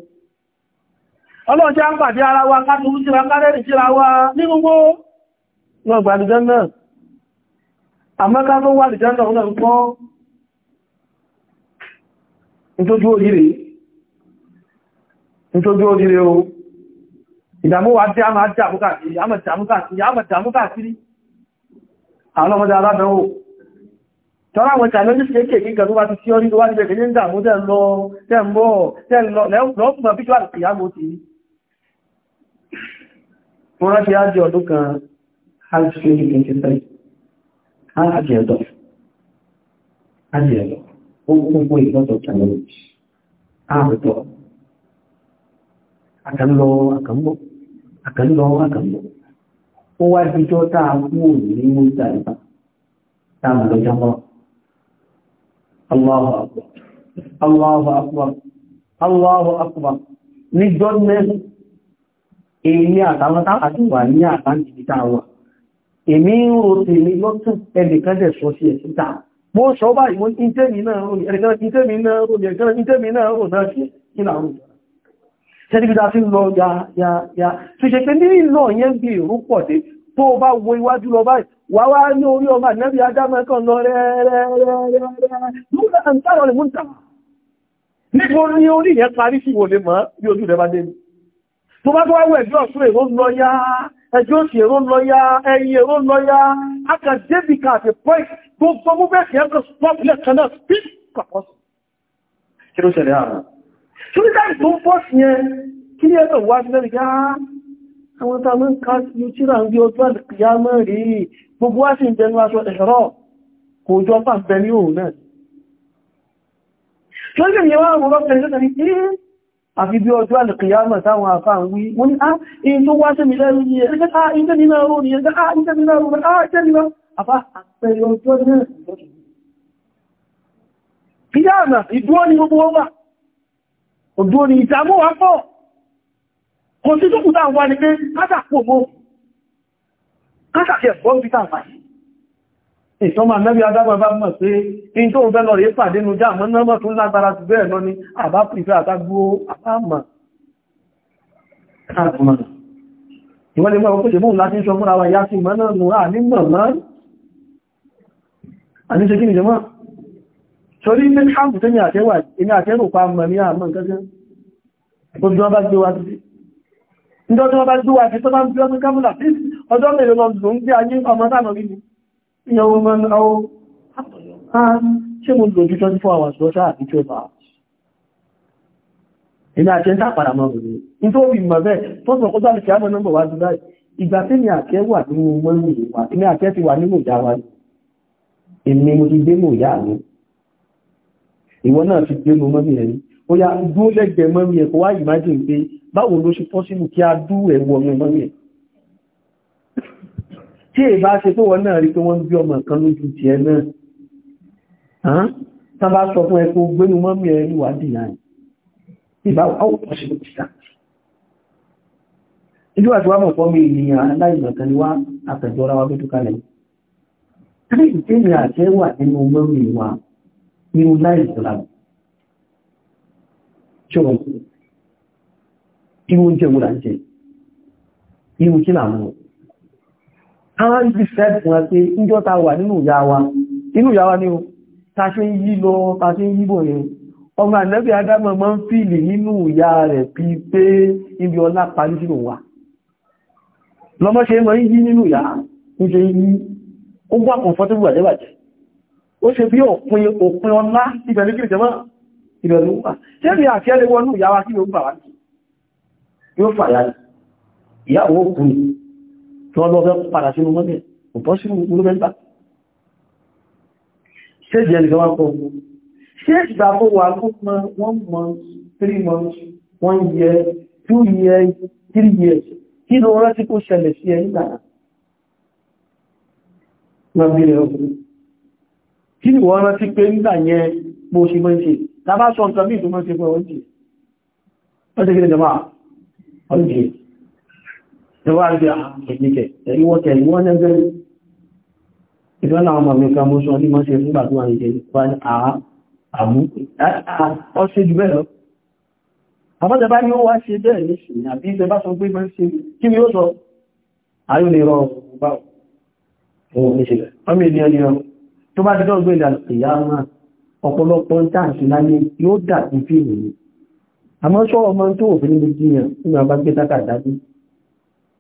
ọlọ́ọ̀jẹ́ ń pàdé ara wa ká àmọ́ká tó wà lè jẹ́nà ọ̀nà ǹkọ́ ntójú òjìrè ntójú òjìrè o ìdàmú wa tí a máa jà múkàtí a máa jà múkàtí a máa jà múkàtí àwọn ọmọdé alábẹ̀wò tọ́rọ àwọn challenges kéèkéèké gan tó wá ti tí ó rí tó wá níbẹ̀ kìí ń dàmú tẹ́ lọ tẹ́ ń bọ́ tẹ́ lọ lọ́pùpọ̀ bí wà ìyá mo ti mo rántí á jẹ́ ọdún kan high school 23 ájẹ̀lọ ájẹ̀lọ gbogbo ìgbọ́tọ̀ challenge ààbùtọ̀ àkànlọ Allahu akbar ní jọ́nẹ́ èyí àtàwọn táàkì wà ní àkáǹtì táàwà èmi ń ro tèmi lọ́tún ẹnìkan dẹ̀ sọ sí ẹ̀sìn ta mo sọ báyìí mo ìtẹ́mi náà rò ní ẹ̀kan ìtẹ́mi náà rò ní ẹ̀kan ìtẹ́mi náà rò náà sí ìlàrùn tẹ́lifíta fi lọ ya ya ya tó ṣe pé ní ìlọ bí ìrú pọ̀ tó bá wo iwájú lọ báyìí wà wá ní orí ọmọ ẹjọ́ òsì èrò lọ́yá ẹ̀yìn èrò lọ́yá akàdébìkà àti point gbogbo múbẹ̀ sí ẹgbẹ̀ stop lẹ́kàn náà pí kàpọ̀sù kí ló ṣẹlẹ̀ ààrùn tí ó dáì tó ń pọ̀ sí ẹ kí ní ẹgbẹ̀ wá sílẹ̀ rí àwọn tá mọ́ ń ká sí ojú rà ń gbé ọjọ́ àdìyá mọ́ rí gbogbo wá sí ìbẹnu aṣọ ẹ̀ṣọ́rọ̀ kò jọ pàǹbẹ̀ ní òun náà àfi bí ọjọ́ alìkìyàmọ̀ táwọn àfáà wí wọ́n ni a ah, in tó wá sẹ́mi lẹ́rù ní ẹgbẹ́ a ah, in tẹ́mi náà rò ní ẹgbẹ́ a ah, in tẹ́mi náà rò ní a tẹ́mi náà àfá àpẹẹrẹ ọjọ́ náà kìyàmọ̀ ìdúró ni gbogbo ọmọ òdúró ni ìtàmú wá pọ̀ kò sí tó kù táwọn wá ní pé kátàkù mọ́ kátàkù ẹ̀bọ́n bí táwọn ìtọ́mà mẹ́bí adágbọn bá mọ̀ pé in tó ń fẹ́ lọ rí pàdé ní ojú àmọ́ náà tún lágbára ti bẹ́ẹ̀ lọ ní àbá pìfẹ́ àtàgbó àbámà káàkùnmà ìwọ́n lè mọ́ ọkọ́ ṣe mọ́ láti sọ fún àwọn ìyá sí ìmọ́ náà nù rà ní mọ̀mọ́ àníṣe kí ni jẹmọ́ torí ní káàkù tẹ́mi àtẹ́wà èmi àtẹ́rù pa mọ̀ ní àmọ́ nǹkan jẹ́ gbogbo wọn bá gbé wa títí tó bá ń bí ọdún kábùlà ọjọ́ mẹ́rin lọ lò ń gbé ayé ọmọ sáà lọ yawman aw ṣe mo lò jú 24 hours lọ́ṣà àti 12 hours ilé àti ẹ̀ta padà máa wòye ní tó bí mọ̀ bẹ́ẹ̀ tọ́sùn ọkọ́ sáàlì kìámọ̀ nọ́mbà wá sí báyìí ìgbà tí ni àkẹ́ wà ní wọ́n wòye já wa èmi mo ti gbé mò yá mi ìwọ náà ti gbé mo mọ́mí ẹni ó yá dúó lẹ́gbẹ̀ẹ́ mọ́mí a dú ẹ̀wọ̀ mi tí èbá ṣe tó wọ́n náà rí pé wọ́n ń bí ọmọ kan lójú ti ẹ náà tán bá sọ fún ẹkùn gbénu mọ́ mi ẹ̀rí wà dì náà ìbá ọ̀pọ̀ sí ló ti sá ìlú àti wà mọ̀pọ̀ mi ènìyàn aláìmọ̀kan ni wá àtẹ̀jọra wa lójú kalẹ̀ kílíkì tí mi àti àwọn ibi fún ẹ pé níjọ́ wà nínú ìyá wa inú ìyá wa ní o ta ṣe ń lọ ta ṣe ń yíbò yẹn ọmọ ànẹ́bí adámọ̀ mọ́ ń nínú ìyá rẹ̀ bí pé ibi ọlá parí sínú wa lọ́mọ́ ṣe mọ́ yí nínú ìyá ń ṣe yí ó gbà kọ̀ǹfọ́tébù àjẹ́bàjẹ́ tí wọ́n lọ fẹ́ padà sínú mọ́tẹ̀ kò bọ́ sínú olóbẹ́ntà ṣe jẹ́ nìkan wá kọ́ ṣe ìgbà tó wà fún one month three months one year two years three years kí ló rántí kó ṣẹlẹ̀ sí ẹ nígbà náà bí rẹ̀ ọkùnrin kí ni wọ́n rántí pé nígbà yẹn bó ṣe mọ́ ṣe tàbá sọ nǹkan bí ìtumọ̀ ṣe ọjọ́ ọjọ́ ẹwàájú àkẹ́kẹ́ ìwọ́tẹ̀ ìwọ́n ẹgbẹ́ ìfẹ́lá ọmọ mi kan mọ́ sọ ní mọ́ ṣe fúngbà tó wọ́n jẹ wá ní àmú ọ́ṣẹ́ jù bẹ́ẹ̀ lọ àbọ́jẹ bá ní ó wá ṣe bẹ́ẹ̀ ní ṣe àbí ìfẹ́ bá sọ pé mọ́ ṣe kí ni ó sọ ayó lè rọ bá òun ní ṣe bẹ́ẹ̀ ọmọ ènìyàn ni ọmọ tó bá dídọ́ gbé ìlànà ìyá máa ọ̀pọ̀lọpọ̀ ń tàǹsì láyé yóò dà ní fíìmù ni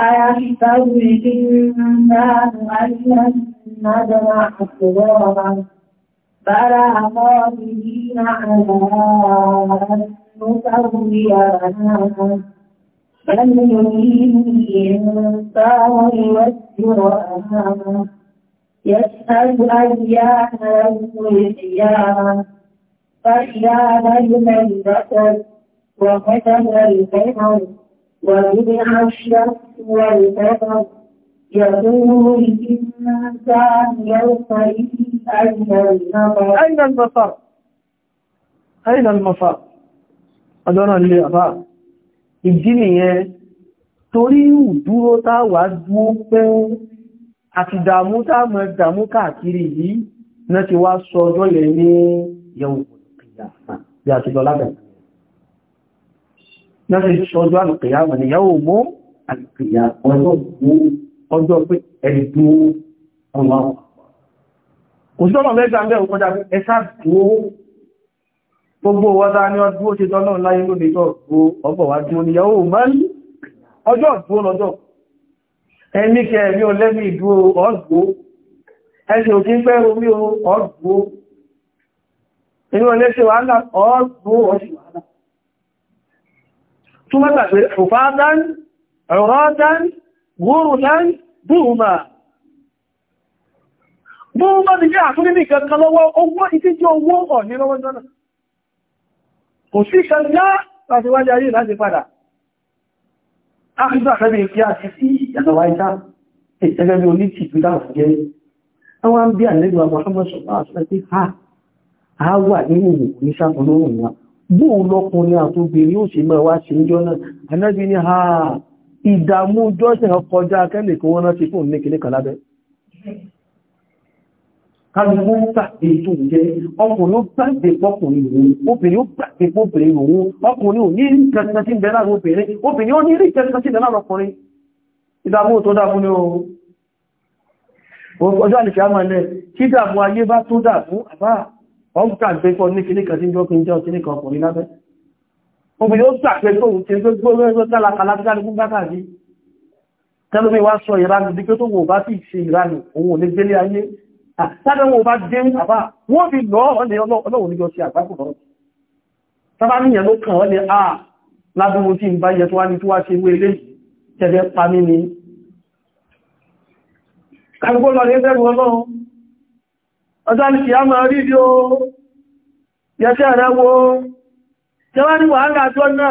أيحسب الإنسان أن لن نجمع قرارا بلى قادرين على أن نسوي بنانا بل يريد الإنسان ليسجر أمامه يشهد أيان يوم القيامة فإذا بين البشر وختم البشر وإذ عشرت والقمر يقول الإنسان يومئذ أين المفر أين المفر أين المفر أدونا اللي أفا ìdí nìyẹn torí ìdúró táwà dúó pé àti dàmú táàmù dàmú káàkiri yìí náà ti wá sọ ọjọ́ yẹ ní yẹ̀wò ìpìyà bí a ti lọ́sí ṣọ́jọ́ alùkìyàwó ni yàwó mọ́ alùkìyàwó ọjọ́ pé ẹ̀dù ọmọ kò sí ọmọ mẹ́ta mẹ́ òkúta ẹ̀sà tó gbogbo wọ́ta ní ọdún ó ti tọ́nà láyé lóbi ọgbọ̀ wá dúró ni yàwó mọ́ ọjọ́ dúró lọ́jọ́ ẹni kẹ ẹ̀mí o lẹ́mí ìdúró ọgbó ẹni òkí pẹ́ omi ọgbó inú ọlẹ́sẹ̀ wàhálà ọgbó ọ̀sì wàhálà túnmọ́ tàbí ṣùfádán ọ̀rọ̀dán gúrùdán búhùmá búhùmá ti jẹ́ àtúrí ní kankan lọ́wọ́ owó ìtí jẹ́ owó ọ̀ ní lọ́wọ́ jọ́nà kò sí ṣẹlá láti wájá yìí láti padà ákùnjọ́ àṣẹ́bí kí a ti sí ìyàtọ̀wà ìta ẹgbẹ́ bí oní ti ìpínlẹ̀ àfúgẹ́ àwọn bí àlẹ́gbà mọ́sánmọ́sán láti ha wà nínú ìṣàkùnlórùn wọn bóò lọ́kùnrin àtòbìnrin ó sì máa wá sí ìjọ náà anábi ní ha ìdàmú jọ́sìn ọkọjá akẹ́lẹ̀ kí wọ́n rántí fún ní kìlẹ̀ kàlábẹ́ kálùkú gbàgbé tó jẹ́ ọkùnrin ó gbàgbé pọ́kùnrin òun obìnrin ó gbàgbé pọ́bìnrin òun ọkùnrin ò ní rí kẹsàn sí bẹ́ẹ̀ láàrin obìnrin obìnrin ó ní rí kẹsàn sí bẹ́ẹ̀ láàrin ọkùnrin kí dàmú ayé bá tó dà àbáà wọ́n kà ń pé fọ́ ní kìníkà tí jọ́ kìí jọ́ kìníkà ọkùnrin lábẹ́. obìnrin ó sàpẹ́ tó ń tẹ́ gbogbo ẹgbẹ́ tálàkà látíkàlù fún gbákàdí tẹ́lómi wá sọ ìranù dípé tó wò bá sì ṣe ìranù òun ò lè gbélé ayé tàbí wọn bá dé àbá wọ́n fi lọ ọ̀lẹ́ ọlọ́run níjọ sí àgbákùnrin tàbá níyàn ló kàn ọ́lẹ́ à lábúrú tí ń bá yẹ tó wá ní tó wá ṣe ọjọ́ ní máa rí yóò yẹṣẹ́ rẹ̀ wo tẹwà ní wàhálà tó náà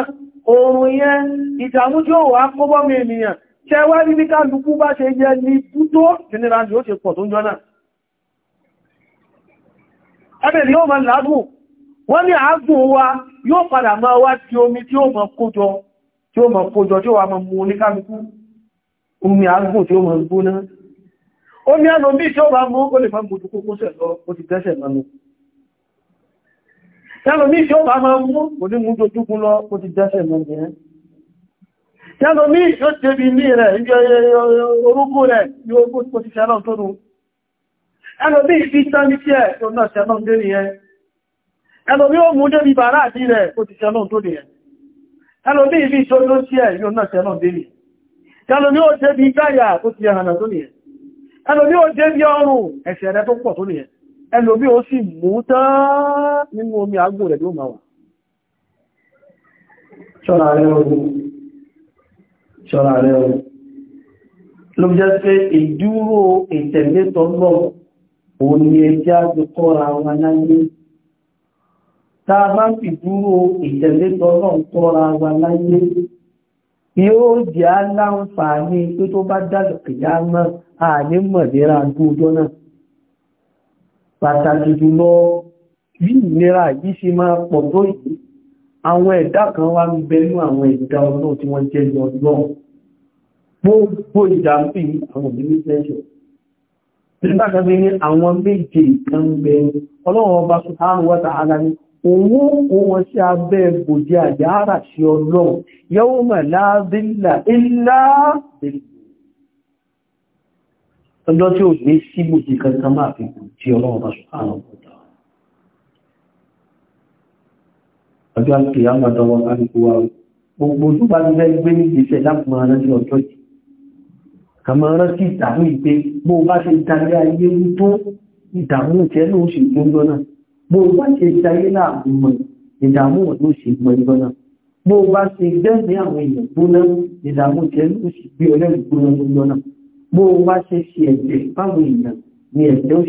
oòrùn yẹn ìdàmú tí ó wà kọ́bọ́ mi ènìyàn tẹwà ní kálukú bá ṣe yẹ ní pútó jìnira ni ṣe pọ̀ tó ń jọ́nà omi tí tí ó máa gbóná ó ní ẹnu bí tí ó bá mú ó lè fa gbogbo kókó sẹ̀ lọ ó ti gẹ́sẹ̀ mọ́nu ẹnu bí tí ó bá máa mú kò ní mú dojúkún lọ ó ti gẹ́sẹ̀ mọ́nu yẹn ẹnu bí tí ó tẹ́bi ní rẹ̀ orúkú rẹ̀ ní ogún tó ti sẹ́lọ́n tó nù ẹnu bí tí tán ní tí ẹ̀ tó náà sẹ́lọ́n dé nìyẹn ẹnu bí ó mú débi bàrá àti rẹ̀ ó ti sẹ́lọ́n tó nìyẹn ẹnu bí ibi tó ló sí ẹ̀ yóò náà sẹ́lọ́n dé nìyẹn ẹnu bí ó ti ẹ̀hànà tó nìyẹn ẹlòmí ó dé bí ọrùn ẹ̀ṣẹ̀ rẹ tó pọ̀ tó nìyẹn ẹlòmí ó sì mú tán nínú omi àgbò rẹ̀ ló máa wà ṣọ́ra rẹ̀ ogun ṣọ́ra rẹ̀ ogun ló jẹ́ pé ìdúró ìtẹ̀lẹ́tọ̀ lọ́wọ́ òun ni ẹjẹ́ àti kọ́ra wa láyé yóò jẹ́ aláǹfààní pé tó bá dàgbà yá náà àní mọ̀lẹ́ra gbójọ́ náà pàtàkì jùlọ bí ìlera yìí ṣe máa pọ̀ tó ìlú àwọn ẹ̀dá kan wá ń bẹnú àwọn ẹ̀dá ọlọ́ tí wọ́n jẹ́ lọ́gbọ́n gbogbo ìdàmfì àwọn òbí òun kó wọn sí abẹ́ gbòdí àyára sí ọlọ́run yóò mọ̀ láàbílà ilá ọjọ́ tí ó ní sí gbòdí kankan máa fi gbòdí ọlọ́run bá ṣùgbọ́n ọ̀pọ̀ta ọjọ́ àti àmàdọwọ́ àríkúwà gbogbo tó bá gbẹ́ gbé ìdàmú ìtẹ́lú òṣèlú náà bó bá ṣe jayé láàrin mọ̀ ìdààmú ló ṣe mọ̀ ẹgbẹ́ bó bá ṣe gbẹ́mí àwọn èèyàn gbóná ìdààmú jẹ́ ló ṣe ọlẹ́rìn gbóná lọ́jọ́ bó bá ṣe ṣe ẹ̀jẹ̀ báwọn èèyàn ni ẹ̀jẹ̀ ó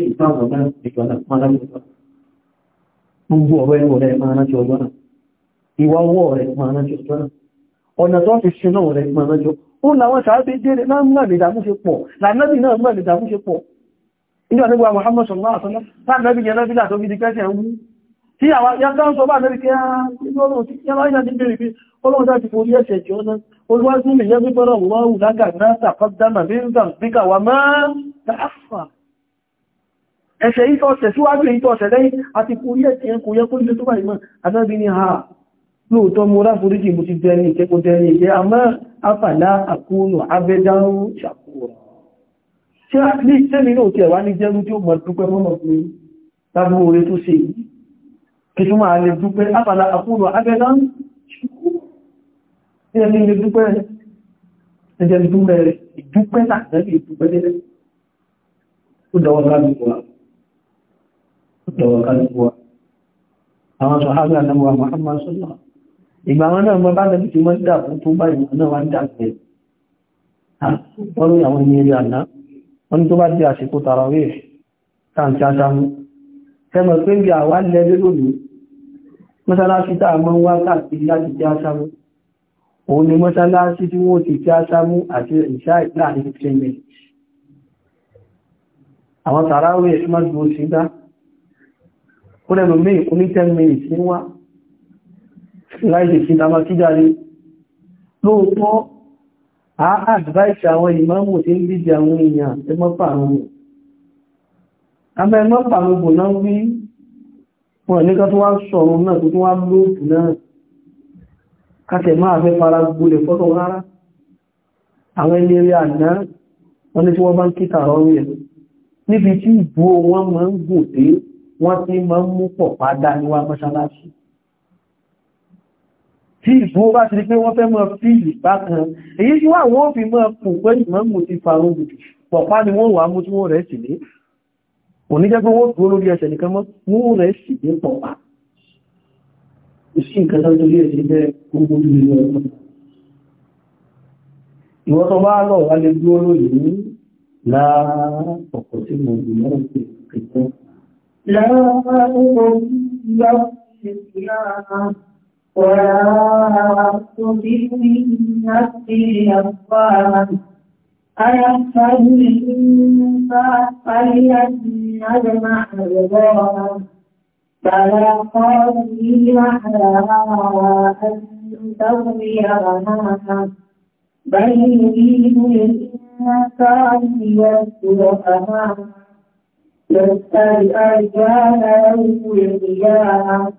báwọn náà ìjọ Ìjọ́ nígbà Muhammad Sallallahu Alaihi Wasallam, táà lẹ́bí jẹ́ lẹ́bí láti omi di kẹ́sì ẹ̀wú. Tí àwọn yàtọ́ ń sọ bá lẹ́bí kí á ní ọlọ́run tí yàrá ìlàjí bèèrè pé ọlọ́run láti forí ẹ̀ṣẹ̀ jẹ́ ọ́nà. Olúwájú mi yẹ́ gbígbọ́rọ̀ wọ́n wù lágà náà tàkọ́dámà bí ń dàn bí kàwà máa tààfà. Ẹ̀ṣẹ̀ yìí tọ́ ṣẹ̀ síwájú èyí tọ́ ṣẹ̀ lẹ́yìn àti forí ẹ̀ṣẹ̀ kò yẹ kó ní tó báyìí mọ́. Àdábí ni ha lóòótọ́ mo ráforíjì mo ti dẹni ìkẹ́kọ̀ọ́ dẹni ìkẹ́ àmọ́ àfàlà àkóónù abẹ́dáhùn ṣàp ṣe ní ìtẹ́mi náà tí ẹ̀wà ní jẹ́rú tí ó mọ̀ dúpẹ́ mọ́mọ̀ pé lábú orí tó ṣe yìí kí tó máa lè dúpẹ́ àpàlà àkúrò agẹ́dán ṣe ní ilé dúpẹ́ ẹjẹ́ dúpẹ́ ìdúpẹ́ láti ìdúpẹ́ lẹ́lẹ́ ó dọwọ́ kálùkùwà àwọn sọ̀hábí àdámọ́wà Muhammad sọ́lá ìgbà wọn náà mọ́ bá lẹ́bí tí wọ́n dà fún tó bá ìwọ̀n náà wá dà fẹ́ ọ̀rọ̀ àwọn ènìyàn àná wọ́n tó bá di àsìkò tàràwé tàǹtí àṣàmú ẹmọ̀ pé ń bí àwá lẹ́lẹ́ lónìí mọ́sálásí tàà mọ́ wá káàkiri láti tí àṣàmú òun ni mọ́sálásí tí wọ́n ti tí àṣàmú àti ìṣá láàrin ìfẹ́mẹ̀ àwọn tàràwé mọ́gbò sí dá ó lẹ́nu mí oní 10 minutes àádìváìsì àwọn ìmáàmù tí ń gbíjẹ àwọn èèyàn tí mọ́ pàrọmù àmọ́ ẹmọ́ pàrọmù náà wí wọ́n ní kọ́tún wá sọ̀rọ̀ náà tó tún wá lóòpù náà kàtẹ̀ máa fẹ́ fara gbolẹ̀ fọ́tọ̀ rárá àwọn ẹni eré àná wọ́n ní tí wọ́n bá ń kíta tí ìbò bá ti rí pé wọ́n fẹ́ mọ́ fíìlì bákan èyí tí wà wọ́n fi mọ́ fún pé ìmọ́mù ti farun gùn pọ̀pá ni wọ́n wà mú tí wọ́n rẹ̀ sì lé òní jẹ́ pé wọ́n dúró lórí ẹsẹ̀ nìkan mọ́ wọ́n rẹ̀ sì lé pọ̀pá ìwọ́n tó bá lọ wà lè dúró lórí láàá ọ̀pọ̀ tí mo gbìyànjú وآخذ من نفسي أفواما أيحسب الإنسان أن يجمع عظاما فلا قادر على أن تغوي غناما بل يريد الإنسان ليذكر أمامه يسأل أيان يوم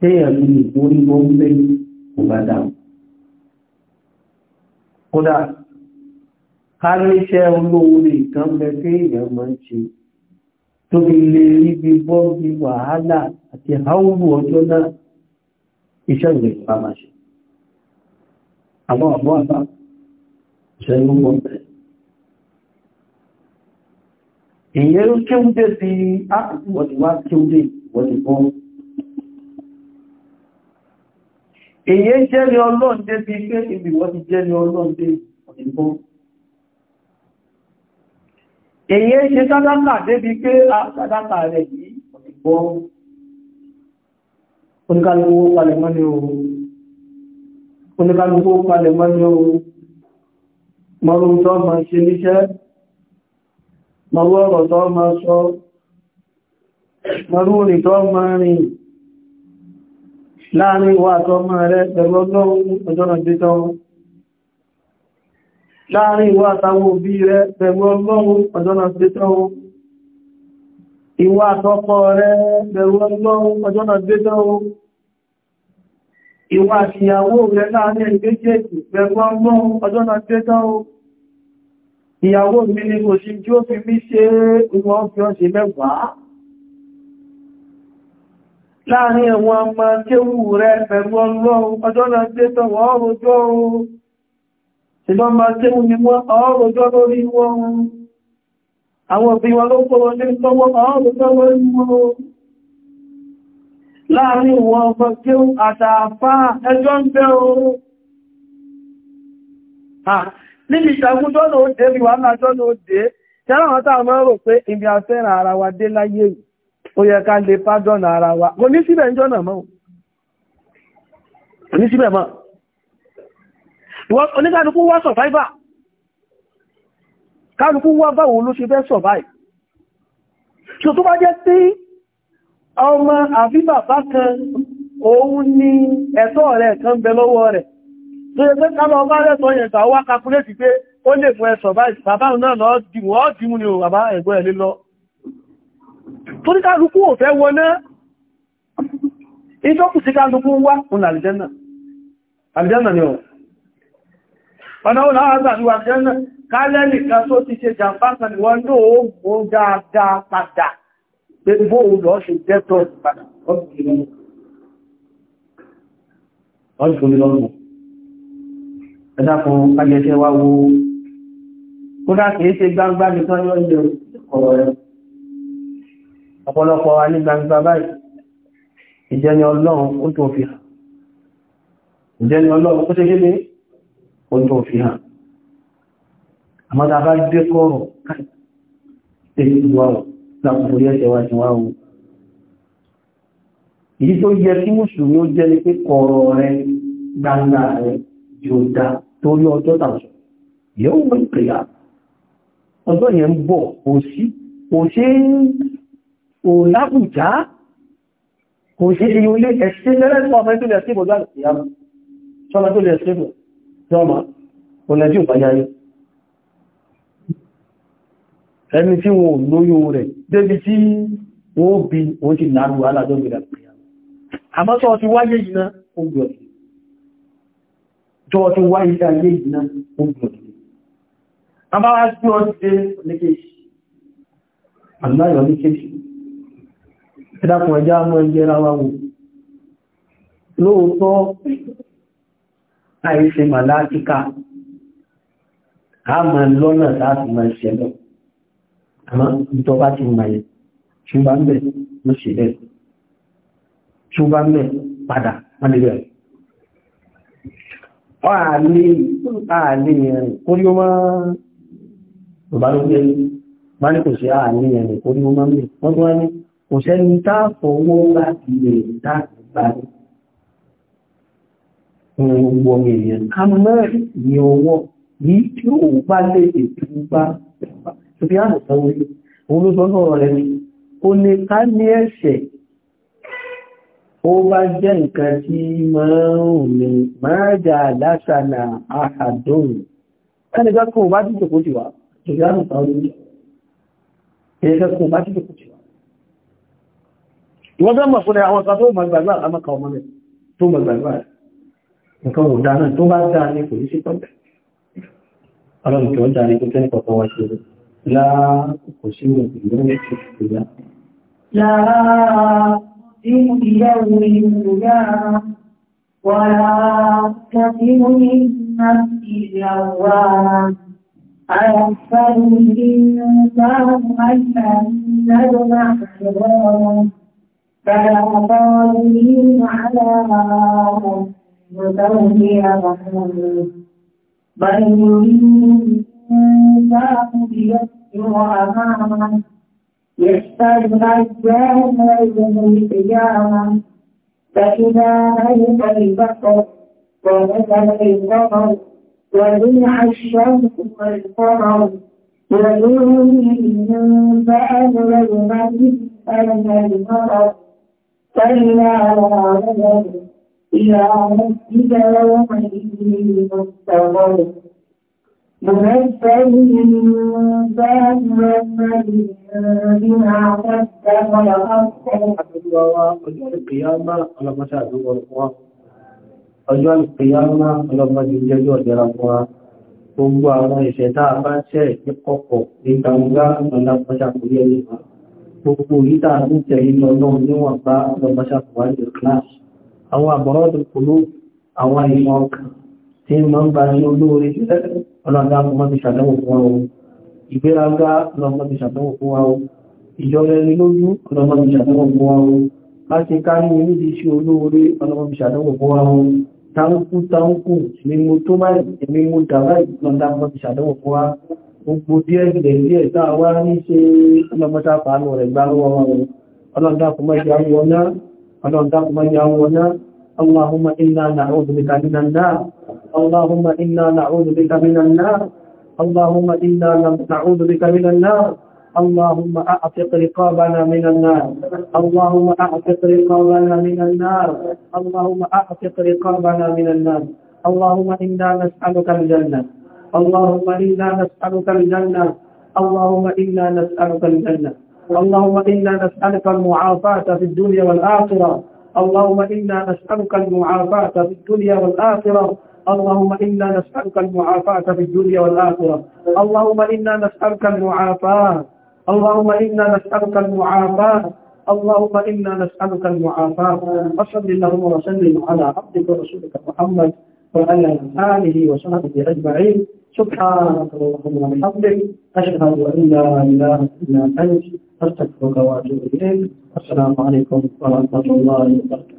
téèyàn ní ìforí bó ń gbé kò bá dà kódà ká níṣẹ́ olówó lè kán bẹ téèyàn máa ń ṣe tó fi lè rí bí bọ́ọ̀gì wàhálà àti haúbù ọjọ́ náà iṣẹ́ ìwé ìpá máa ṣe àwọn àbọ́ àbá iṣẹ́ ìwọ̀n bẹ̀rẹ̀ ìyẹn ló kéúdé sí áàkùn ah, wọ́n ti wá kéúdé wọ́n ti bọ́ọ̀ èyí ń jẹ́ ní ọlọ́run dé bí pé ibi wọ́n ti jẹ́ ní ọlọ́run dé òyìnbó èyí ń ṣe sádátà dé bí pé sádátà rẹ̀ yìí òyìnbó oníkálùkù palẹ̀ mọ́ ní oòrùn oníkálùkù palẹ̀ mọ́ ní oòrùn mọ́rún tó láàrin ìwà àtọmọ rẹ pẹ̀lú ọlọ́run ọjọ́nà gbẹ́tọ́ láàrin ìwà àtàwọn òbí rẹ pẹ̀lú ọlọ́run ọjọ́nà gbẹ́tọ́ ìwà àtọ́kọ rẹ pẹ̀lú ọlọ́run ọjọ́nà gbẹ́tọ́ ìwà àtìyàwó rẹ láàrin ìgbẹ́jẹ̀kì pẹ̀lú ọlọ́run ọjọ́nà gbẹ́tọ́ ìyàwó mi ni kò sí tí ó fi mí ṣe ìwọ̀n fi ọ́ sí mẹ́wàá láàrin àwọn ọmọ kéwú rẹ pẹ̀lú ọlọ́run ọjọ́ náà gbé tọwọ́ ọrọ̀jọ́ ooo ṣìgbọ́n ma kéwú ni wọ́n ọrọ̀jọ́ lórí wọn àwọn òbí wọn ló kọ́ wọlé tọwọ́ ọrọ̀jọ́ lórí wọn láàrin wọn ọmọ kéwú àtàfà ẹjọ́ ń bẹ́ ó yẹ ká lè ara wa kò ní síbẹ̀ ìjọ náà mọ́ ní síbẹ̀ mọ́ oníkàlùkù wá sọ̀fáìbà kálùkù báwo ló ṣe fẹ́ jẹ́ sí ọmọ àfíbà bá kan òun ni ẹ̀tọ́ rẹ̀ kan bẹ lọ́wọ́ rẹ̀ tó yẹ pé ọba rẹ̀ yẹn tàwọ́ kakulé ti pé ó lè fún bàbá náà torí kálukú ò fẹ́ wọ náà ìjọ́kù sí kálukú wá fún àlìjẹ́nà àlìjẹ́nà ni ọ̀ ọ̀nà ó láwọn àgbà níwà àlìjẹ́nà kálẹ́lì kan tó ti ṣe jàmbá kan ni wọ́n lóò mú dáadáa padà pé bó lọ ṣe jẹ́tọ́ padà ọdún kìí lọ́gbọ̀n ọ̀pọ̀lọpọ̀ wa ní gbangba báyìí ìjẹni ọlọ́run ó tó fi hàn ìjẹni ọlọ́run ó tó ṣe ní ó tó fi hàn àmọ́ta bá gbé kọ́rọ̀ káàkiri ìwọ̀n láàpùpù yẹ́ ṣẹwà ìwọ̀n èyí tó yẹ kí mùsùlùmí ó jẹ́ ní pé kọ̀rọ̀ rẹ kò kò sí iye olé ẹ̀sìn wọ́n bí wọ́n ti láàrù aládọ́gbìdà àmọ́ tó ti wáyé yìí náà ó tó ti wáyé ayé yìí náà ó gbọ́dọ̀ àbáwá tí wọ́n ti dé ní kéṣì àláyọ̀ ní kéṣì ẹ̀dàkùn ẹjá mọ́ ìjẹra wa wò lóòótọ́ àìṣe màláàkíká a ma lọ́nà láti ma ṣẹlọ àmọ́ ìjọba ti mayẹ ṣùgbà ń bẹ̀ ló ṣe bẹ̀ ṣùgbà ń bẹ̀ padà wọ́n lè bẹ̀rẹ̀ ààlè ẹ̀rìn kó ní ó máa bàbá ló gbé wọ́n ní kò sí ààlè ẹ̀rìn kó ní ó máa wọ́n tó wá ní kò sẹ́ni tá fọwọ́ láti lè dá ìgbàlú gbogbo èèyàn ká mẹ́rin ní ọwọ́ yìí tí ó bá lè ètò bá tóbi àmọ̀tán orí ni ó lè ká ní ẹ̀ṣẹ̀ ó bá jẹ́ nǹkan tí márùn-ún mẹ́rẹ́jà lásànà àhàdóhùn ẹnìkẹ́kọ̀ọ́ bá títẹ̀kọ́ ti wà tóbi àmọ̀tán orí ẹnìkẹ́kọ̀ọ́ bá títẹ̀kọ́ ti ìwọ́n tó mọ̀ fún àwọn kan tó mọ̀ gbàgbà àmọ́kà ọmọ rẹ̀ tó mọ̀ gbàgbà nǹkan ò dáa náà tó bá dáa ní kò ní sí pọ̀lẹ̀ ọlọ́run tí ó dáa ní kò tẹ́lẹ̀ kọ̀kọ́ فلا قادرين على أن نسوي رحمه بل يريد الإنسان بيسر أمامه يحتاج الأيام يوم فإذا ميت البصر ونزل القمر وجمع الشمس والقمر ويوم الإنسان يومئذ أين المطر صلى عليه إلى ọlọ́mọdé jẹ́jọ́ ìjẹ́ra fún wa, gbogbo àwọn ìṣẹ̀dá bá ṣẹ́ ìpọ̀pọ̀ ní ọlọ́pọ̀ṣàkúrí ẹni máa gbogbo yíta ní tẹ̀yí lọ́lọ́run níwọ̀n bá lọ́gbàṣàkùwárí class àwọn àbọ̀rọ̀dù kòló àwọn ìmọ̀ ọkàn tí ma ń bá ní olóorí jẹ́ ọlọ́dá mọ́ ti ṣàdánwò fún wa o ìgbéraga lọ́mọ́ ti ṣàdánwò fún wa o ìjọrẹni lójú ọlọ́mọ́ ti ṣàdánwò fún wa o láti kárí ní ti ṣe olóorí ọlọ́mọ́ ti ṣàdánwò fún gbogbo díẹ̀ díẹ̀ díẹ̀ táà wá ní ṣe ọlọ́mọta pàánù rẹ̀ gbá wọn wọn ọlọ́ndákùnmọ́já wọn náà ọlọ́ndákùnmọ́já wọn náà اللهم إنا نعوذ بك من النار اللهم إنا نعوذ بك من النار اللهم إنا نعوذ بك من النار اللهم أعتق رقابنا من النار اللهم أعتق رقابنا من النار اللهم أعتق رقابنا من النار اللهم إنا نسألك الجنة اللهم إنا نسألك الجنة اللهم إنا نسألك الجنة اللهم إنا نسألك المعافاة في الدنيا والآخرة اللهم إنا نسألك المعافاة في الدنيا والآخرة اللهم إنا نسألك المعافاة في الدنيا والآخرة اللهم إنا نسألك المعافاة اللهم إنا نسألك المعافاة اللهم إنا نسألك المعافاة وصل اللهم وسلم على عبدك ورسولك محمد وعلى آله وصحبه أجمعين سبحانك اللهم وبحمدك أشهد أن لا إله إلا أنت أستغفرك وأتوب إليك السلام عليكم ورحمة الله وبركاته